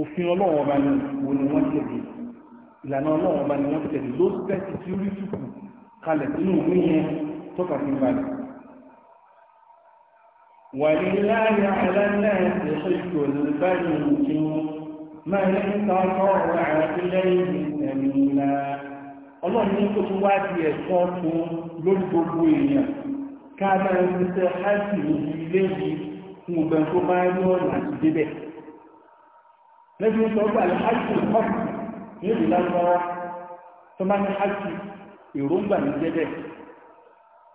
òfin ọlọ́run ọba ni wo ni wọ́n tẹ̀lé ìlànà ọlọ́run ọba ni wọ́n tẹ̀lé ló bẹ́ẹ̀ tí ó rí tùkù kalẹ̀ nínú òfin yẹn tọ́ka sí balẹ̀. ولله على الناس حج البيت من تطوع إليه سبيلا ọlọ́run ní kó tún wá ẹ̀kọ́ fún lórí gbogbo èèyàn ká máa ń ṣiṣẹ́ háìsì ní ilé yìí fún ọgbẹ́ tó láti débẹ̀. lẹ́bí ń sọ pé alhaji ọ̀pọ̀ ní ìlú lárúbáwá tó máa ní haji èròǹgbà ní jẹ́ bẹ́ẹ̀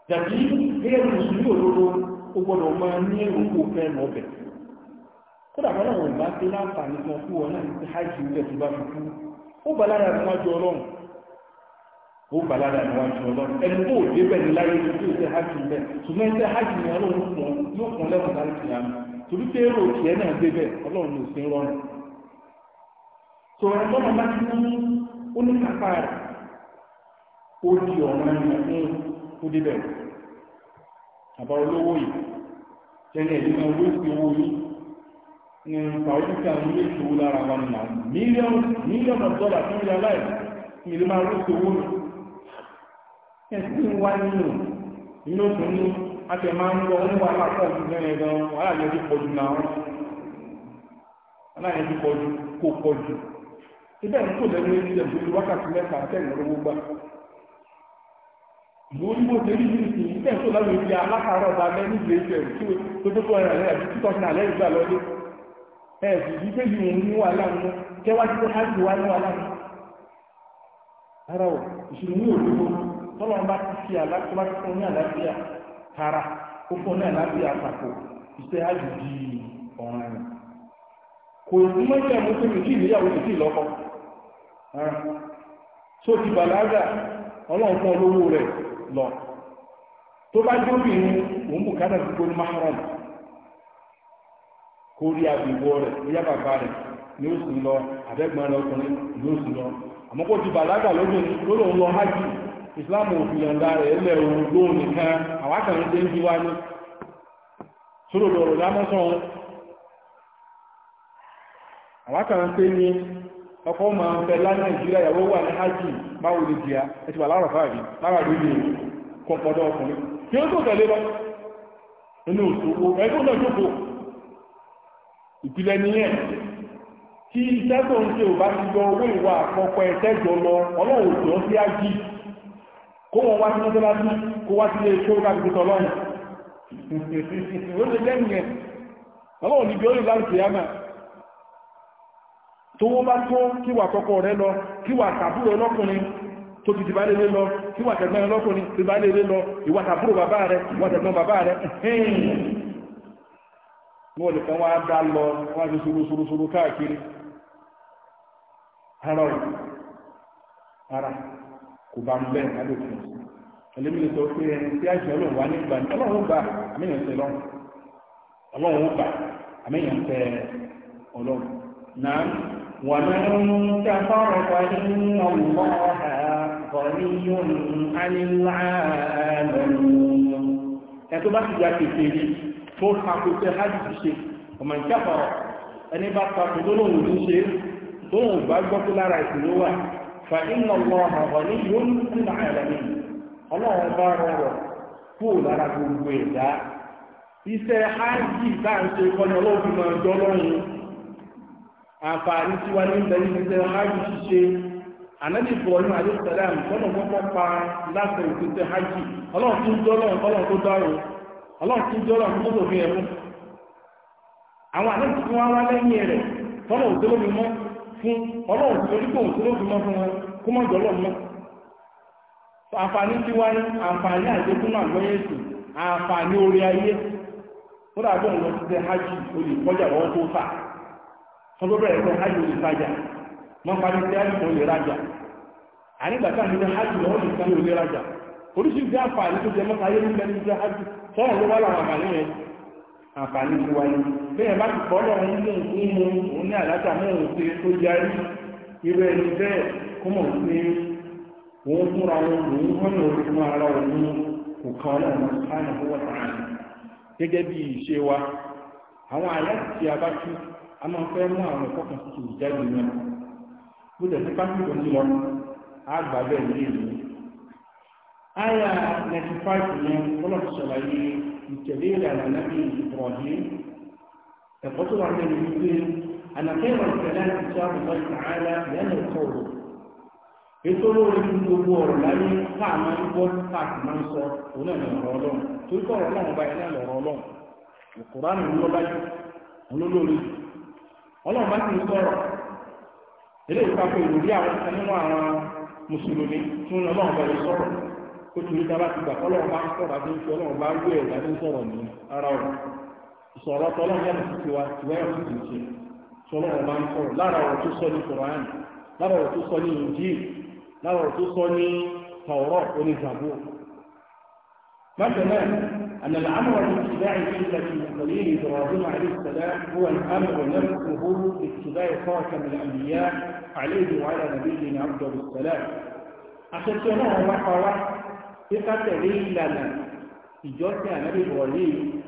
gẹ́gẹ́ bí mùsùlùmí òdodo ó gbọ́dọ̀ máa ní fẹ́ mọ́ bẹ̀ náà bá láǹfààní kan fún náà ti bá fi kú ó bá lára ọlọ́run ó bá lára ọlọ́run ẹni tó òde bẹ́ẹ̀ ni láyé tó sọ̀rọ̀ tó máa bá ti mú oníkàpá rẹ̀ ó di ọ̀ràn ìyà fún tó débẹ̀ àbá olówó yìí tẹ́lẹ̀ ní wọn ló fi owó yìí ní pàwọ́dúkà ní ilé ìṣòwò lára wa nà mílíọ̀nù mílíọ̀nù dọ́là fún ilé aláì ní ilé máa ló fi owó nù ẹ̀sìn ti ibẹ̀ ń kò lẹ́nu ẹni ẹ̀jẹ̀ ìlú wákàtí mẹ́ta tẹ̀lé owó gbà mo ní mo ṣe rí ní ìsìn ibẹ̀ ń lẹ́nu ẹni alákàárọ̀ bá lẹ́ ní ìlú ẹ̀jẹ̀ tí o ẹ̀rọ alẹ́ ìgbà lọ́dẹ ẹ̀ sì pé yìí wà kẹwàá ní wà ara ò ní bá ti fi rárá tó ti bàlágà ọlọ́run fún olówó lọ tó bá jó bí ní òun bùkátà gbogbo ní mahram kó rí àbíwọ́ rẹ̀ bóyá bàbá rẹ̀ ni ó sì lọ àbẹ́gbọ́n ọkùnrin ni ó lọ àmọ́ kó ti bàlágà ụlọ tó lòun lọ hajj islam òfin yọ̀ǹda rẹ̀ ẹlẹ́ òun nìkan àwọn akẹ́rin tẹ́ ń bí wá ní sórò lọ́rọ̀ lámọ́sán àwọn akẹ́rin tẹ́ ní ọkọ̀ ma ń fẹ́ lá nàìjíríà ìyàwó wà ní hajji máwò lè jìyà ẹ̀tì wà láàrọ̀ fàájì lára lórí kọ̀pọ̀dọ̀ ọkùnrin kí ó tó tẹ̀lé lọ inú òṣòwò ẹgbẹ́ náà jókòó ìpìlẹ̀ nìyẹn tí iṣẹ́ tó ń ṣe ò bá ti yọ owó ìwà àkọ́kọ́ ẹ̀tẹ́jọ lọ ọlọ́run tó ń sí ájì kó wọn wá sí mọ́tọ́lájú tó wọ́n bá tó kíwà tọ́kọ rẹ lọ kíwà tàbúrò lọ́kùnrin tó ti dìbà lélé lọ kíwà tẹ̀gbọ́n lọ́kùnrin ti bá lélé lọ ìwà tàbúrò bàbá rẹ ìwà tẹ̀gbọ́n bàbá rẹ wọ́n lè kàn wá dá lọ wọ́n ti káàkiri ara ò ara kò bá ń bẹ́ẹ̀ lálòfin ẹlẹ́mi lè sọ pé ẹni tí àìsàn ọlọ́run nígbà ní ومن كفر فإن الله غني عن العالمين ẹni tó bá ti gba kèké rí tó tako pé hajj ti ṣe ọmọ ìkẹfọrọ ẹni bá tako tó lóun ní ṣe tó lóun bá gbọ́ tó lára ìṣòro wà fa iná lọ àwọn ní yóò ní sí náà ẹlẹmí Ọlọ́run bá rọrọ kó lára gbogbo ẹ̀dá iṣẹ́ hajj tá ń ṣe kọni Ọlọ́run máa jọ lọ́run àǹfààní tí wá ní ìbẹ̀rẹ̀ ìpínlẹ̀ hajj ṣíṣe ànábì Ibrahim alayhi salam kọ́kọ́ pa láti hajj ọlọ́run tí ń jọ́lọ́ ọlọ́run tó dárò ọlọ́run tí ń jọ́lọ́ tó tó fi ẹ̀mú àwọn ànábì tí wọ́n wá lẹ́yìn rẹ̀ tọ́nà òtólómi fún ọlọ́run tí fún wọn kó mọ́ wọ́n tó bẹ̀rẹ̀ fún hajj olùtajà wọ́n parí sí hajj kan lè rajà ànígbà tá àti hajj lọ́wọ́ lè kan lè rajà oríṣiríṣi àǹfààní tó jẹ mọ́ta hajj ló wá àǹfààní yẹn àǹfààní ti wáyé bẹ́ẹ̀ bá ti kọ́ fúnra lòun ara òun kò kan sáyẹn fún wọ́n gẹ́gẹ́ bí ìṣe wa àwọn tí a a máa fẹ́ mú àwọn ẹ̀kọ́ kan tuntun ìjáde náà bó lè fún pásítọ̀ ní lọ á gbà bẹ́ẹ̀ ní èyí. àyà ninety five yẹn kọ́lọ̀ ti ṣàlàyé ìtẹ̀lé ìlànà nábì ìbọ̀dé ẹ̀kọ́ tó wà lẹ́nu wípé àlàfẹ́ ìwà ìtẹ̀lé àti ìṣẹ́ àbùkọ́ ìtàhálà lẹ́nu ẹ̀kọ́ rẹ̀. ètò olóore fún gbogbo ọ̀rọ̀ láyé káà máa ń gbọ́ káà sì máa ń sọ òun náà ní ọlọ́run torí kọ́ ọ̀rọ̀ ọlọ́run báyìí náà lọ̀rọ̀ ọlọ́run òkúránù ńlọ́lájú olólórí ọlọ́run bá ti ń sọ̀rọ̀ eléyìí ká pé ìròrí àwọn kan nínú àwọn mùsùlùmí tí wọn ọlọ́run bá sọ̀rọ̀ kó torí tá bá ti gbà ọlọ́run bá ń sọ̀rọ̀ àti ọlọ́run bá ń sọ̀rọ̀ ní ara ọ̀rọ̀ tọ́lọ́run أن العمر الاتباعي في المسلمين إبراهيم عليه السلام هو الأمر نفسه باتباع خاتم الأنبياء عليه وعلى نبينا أفضل السلام. أشتناه مقرة ثقة لي لنا في جوتي أنا إبراهيم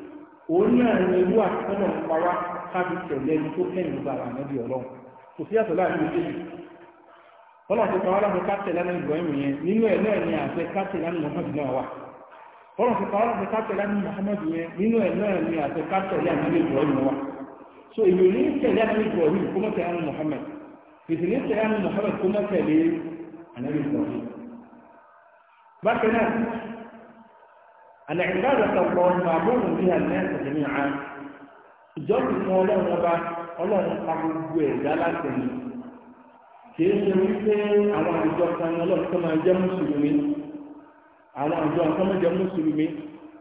قلنا أن هو أحسن مقرة خاتم السلام تؤمن بها نبي الله. وفي هذا الله يجيب. فلا تقرأ له كاتل أنا إبراهيم نينو إلا أن لنا كاتل أنا محمد bọ́lá ti pàwọ́ àti kátẹ̀lá ní Muhammadu yẹn nínú ẹ̀ náà ni àti kátẹ̀lá ní Ibrahim so èyí ní tẹ̀lá ní Ibrahim kó mọ̀tẹ̀ ẹnu Muhammad èsì ní ní Muhammad kó mọ̀tẹ̀ lé ànábì Ibrahim. bákan náà àlẹ́ ìgbàlẹ̀ tọ̀pọ̀ ṣe wípé àwọn àjọ kan ọlọ́run tó máa jẹ́ mùsùlùmí àwọn àjọ nǹkan mẹ́jẹ mùsùlùmí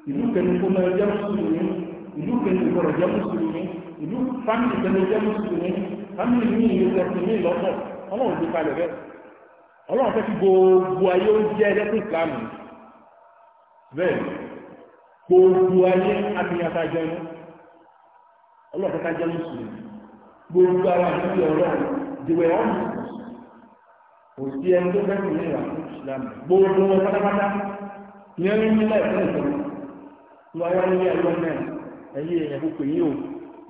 ìlú kẹni kó máa jẹ́ mùsùlùmí ìlú kẹni ìgbọ̀rọ̀ jẹ́ mùsùlùmí ìlú fámìlì kẹni jẹ́ mùsùlùmí fámìlì ní ìlú ẹ̀sìn ní ìlọ́pọ̀ ọlọ́run ti kalẹ̀ bẹ́ẹ̀ ọlọ́run fẹ́ fi gbogbo ayé ó jẹ́ ẹlẹ́kùn ìsìlámù bẹ́ẹ̀ gbogbo ayé amíyàtà jẹun ọlọ́run fẹ́ ká jẹ́ mùsùlùmí gbogbo àwọn àti ọlọ́run they were all o sí ẹni tó fẹ́ sílẹ̀ ìwà fún ìsìlámù gbogbo wọn pátápátá ní ẹni nílẹ̀ ìpínlẹ̀ ìjọba tí wọ́n yá nílé ẹjọ́ náà ẹ̀yẹ púpọ̀ yìí o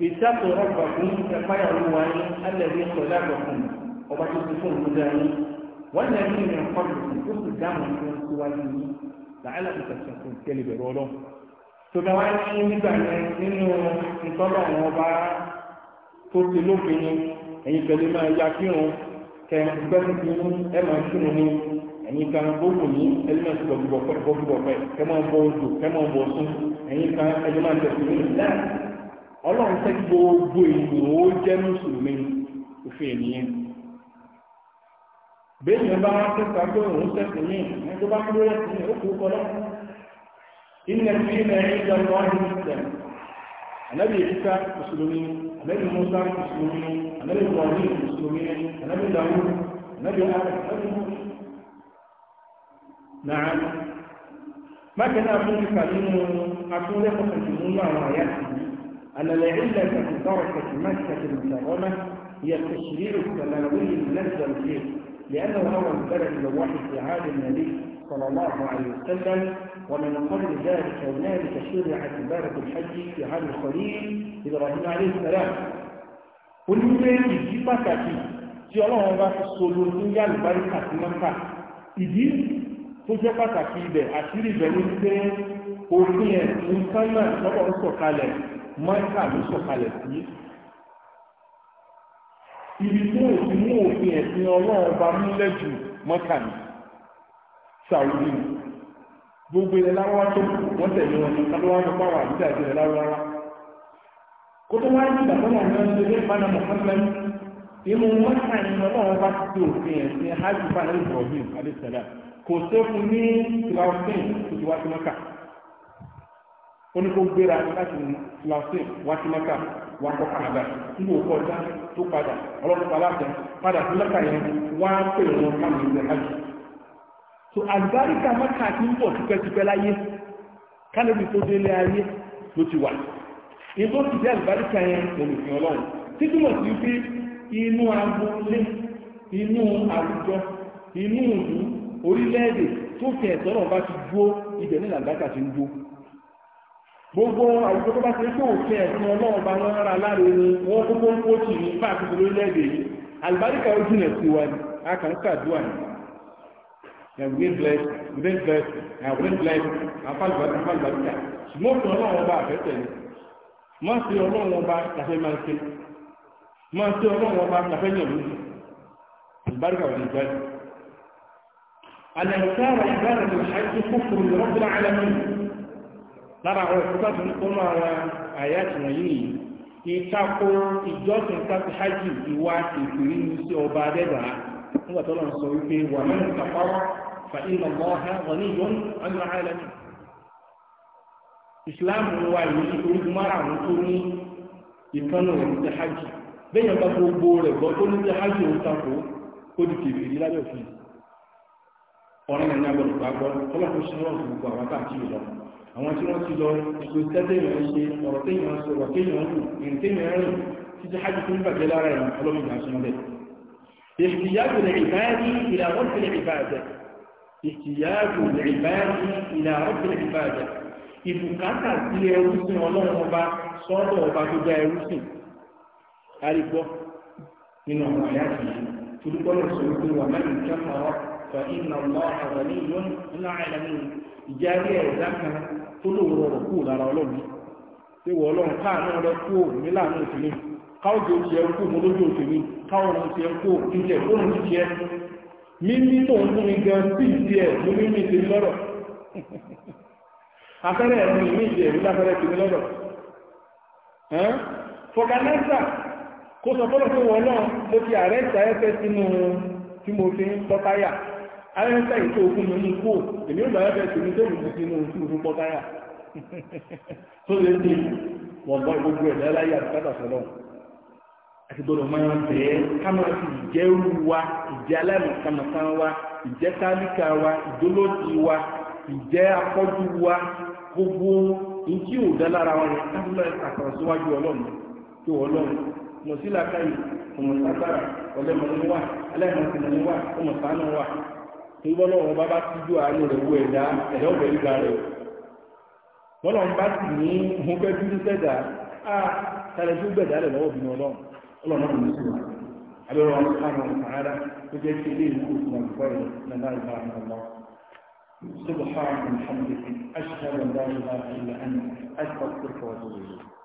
ìtàkùn ọgbà fún ẹ̀páyà olúwa alẹ́bí ọba tó ti fún òkúta yín wọ́n yẹ kí ìrìn àkọ́ tuntun tó sì dáhùn fún wá ní kẹmẹtìkẹtì ẹ máa sùn ní ẹ̀yin kan gbogbo ní ẹlẹ́mọ̀ gbọ̀gbọ̀pẹ̀ gbọ̀gbọ̀pẹ̀ kẹ máa bọ odò kẹ máa bọ sùn ẹ̀yin kan ẹni máa tẹ̀sí ní ìlà ọlọ́run tẹ́ gbogbo ènìyàn ó jẹ́ mùsùlùmí òfin ènìyàn bẹ́ẹ̀ ni bá wá tẹ́sà pé òun tẹ́sì ní ẹni tó النبي موسى المسلمين النبي ابراهيم المسلمين النبي داوود النبي ادم النبي نعم ما كان أقول كريم أقول لكم الجمهور وآياته أن العلة في تركة مكة المكرمة هي التشريع السماوي المنزل فيه لأنه هو البلد الواحد في عهد النبي صلى الله عليه وسلم ومن قبل ذلك هنالك شرعت عبادة الحج في هذا الخليل إبراهيم عليه السلام onígbé ìdí pàtàkì tí ọlọ́run bá fi solo tó yá lùbáríkà sí mọ́ta ìdí tó jẹ́ pàtàkì ibẹ̀ àṣírí ibẹ̀ ló ti pé òfin ẹ̀ nǹkan náà lọ́pọ̀ ń sọ̀kalẹ̀ mọ́ta ló sọ̀kalẹ̀ sí ibi tó òfin mú òfin ẹ̀sìn ọlọ́run bá múlẹ̀ jù mọ́ta ni Saudi gbogbo ilẹ̀ láwọ́wá tó wọ́n tẹ̀lé wọn láwọ́wá tó pàwọ̀ àbújá àti láwọ́wá kó tó wáyé nígbà tó wọn náà ṣe lé ìbáná mọ̀kánlẹ́ inú wọn ká ìyẹn náà bá ti tó òfin ẹ̀ ní hajj bá lórí ibrahim alisala kò sẹ́fù ní tilawsin tó ti wá sí mọ́kà ó ní kó gbéra láti wá sí mọ́kà wá kọ́ nígbà òkú ọjà tó padà padà sí mọ́kà yẹn so àgbáríkà mọ́kà tí ń bọ̀ tipẹ́tipẹ́ láyé kálẹ́bí tó délé ayé ló ti wà ìbò ti jẹ́ àgbáríkà yẹn olùfin ọlọ́run títúmọ̀ sí pé inú agboolé inú àwùjọ inú ìlú orílẹ̀-èdè tó fi ẹ̀tọ́ náà bá ti dúó ibẹ̀ ní àgbáríkà ti ń dúó gbogbo àwùjọ tó bá ti pé òfin ẹ̀sìn ọlọ́run bá wọn rárá láre ni wọ́n kókó ń kó tì ní fáàkì lórílẹ̀-èdè yìí àgbáríkà ó jìnà sí wa ni a kàn ń kàdúrà ni ẹ̀ wíńd bless wíńd bless ẹ̀ wíńd bless afálùbàdì afálùbàdì kà ṣùgbọ́n òfin ọlọ́run ọba àfẹ́tẹ̀ ni má ṣe ọba kàfẹ́ máa ṣe má ṣe ọlọ́run ọba kàfẹ́ yàn lójú àlùbáríkà wà ní ìgbàdì. àlẹ́kùsára ìbára ní àìsí kúkúrú ní rọ́bìnà àlẹ́mí lára àwọn ìfúnpá tó ń kó mọ́ àwọn àyà tìwọ̀nyí nìyí ìtakò ìjọsìn hajj ìwà ní sí ọba nígbà tó lọ́n sọ wípé wà ní kàfárọ́ fa iná mọ́ha wà ní yọ́n ọ̀nà àìlẹ́mì islam wa yìí orí mara àwọn tó ní ìkànnì òun ti hajj bẹ́yẹn bá gbogbo rẹ̀ gbọ́ tó ní ti hajj òun tako ó di kèfì rí lábẹ́ òfin ọ̀rọ̀ náà ní agbọ̀dọ̀ gbàgbọ́ ọlọ́run ṣe rọ̀ gbogbo àwọn káàkiri lọ àwọn tí wọ́n ti lọ ètò tẹ́tẹ̀yàn ṣe ọ̀rọ̀ tẹ́yàn sọ wà kéèyàn rù ìrìntẹ́yàn rìn títí hajj tó ń bàjẹ́ lára ẹ̀yàn احتياج العباد إلى رب العبادة احتياج العباد إلى رب العبادة ìbùkátà sí ẹrúsìn ọlọ́run ọba sọ́dọ̀ ọba tó dá ẹrúsìn àrígbọ́ nínú ọmọ àyà sí tolúkọ́lọ̀ sọ̀rọ̀ pé wà láyé kẹfàá fà iná ọmọ àgbàní yóò ńlá àìlànà ìjárí ẹ̀dá kan tó lòun rọrọ̀ kú lára ọlọ́run pé wọ́n ọlọ́run káà náà lọ kú òun nílànà òfin káwọ́jọ ti ẹkú mú lójú òṣèlú káwọ́run ti ẹkú ìjẹ fóònù ti jẹ mímí tó ń fún mi gan sí ìdí ẹ̀ ló mímí ti mi lọ́rọ̀ afẹ́rẹ́ ẹ̀rù mímí ìdí ẹ̀rù láfẹ́rẹ́ ti mi lọ́rọ̀ fọ̀gánáṣà kó sọ fọ́lọ̀ fún wọn náà mo ti ààrẹ ìta ẹ̀fẹ́ sínú tí mo fi ń pọ́táyà arẹ́sà ìtò ogun mi ń kó èmi ò lọ́yẹ́ bẹ̀rẹ̀ tèmi tó lùdí sínú tí mo fi pọ́táyà tó lè ní wọ̀n bọ́ gbogbo ẹ̀dá láyé àti àti gbọ́dọ̀ máa bẹ́ẹ̀ ká máa fi ìjẹ́ wa ìjẹ́ aláìmọ̀kànmọ̀kàn wa ìjẹ́ tálíkà wa ìdólóòtì wa gbogbo ìjí òdá lára wọn yẹn káfíńtà àkàrà síwájú ọlọ́run tó ọlọ́run mọ̀ sí làákàyè ọmọ sàgbára ọlẹ́mọ̀ọ́ni wà اللهم ارحم المسلمين عليه الله سبحانه وتعالى وجد في دين المسلم الخير لا اله الا الله سبحانك وبحمدك أشهر ان لا اله الا انت استغفرك واتوب اليك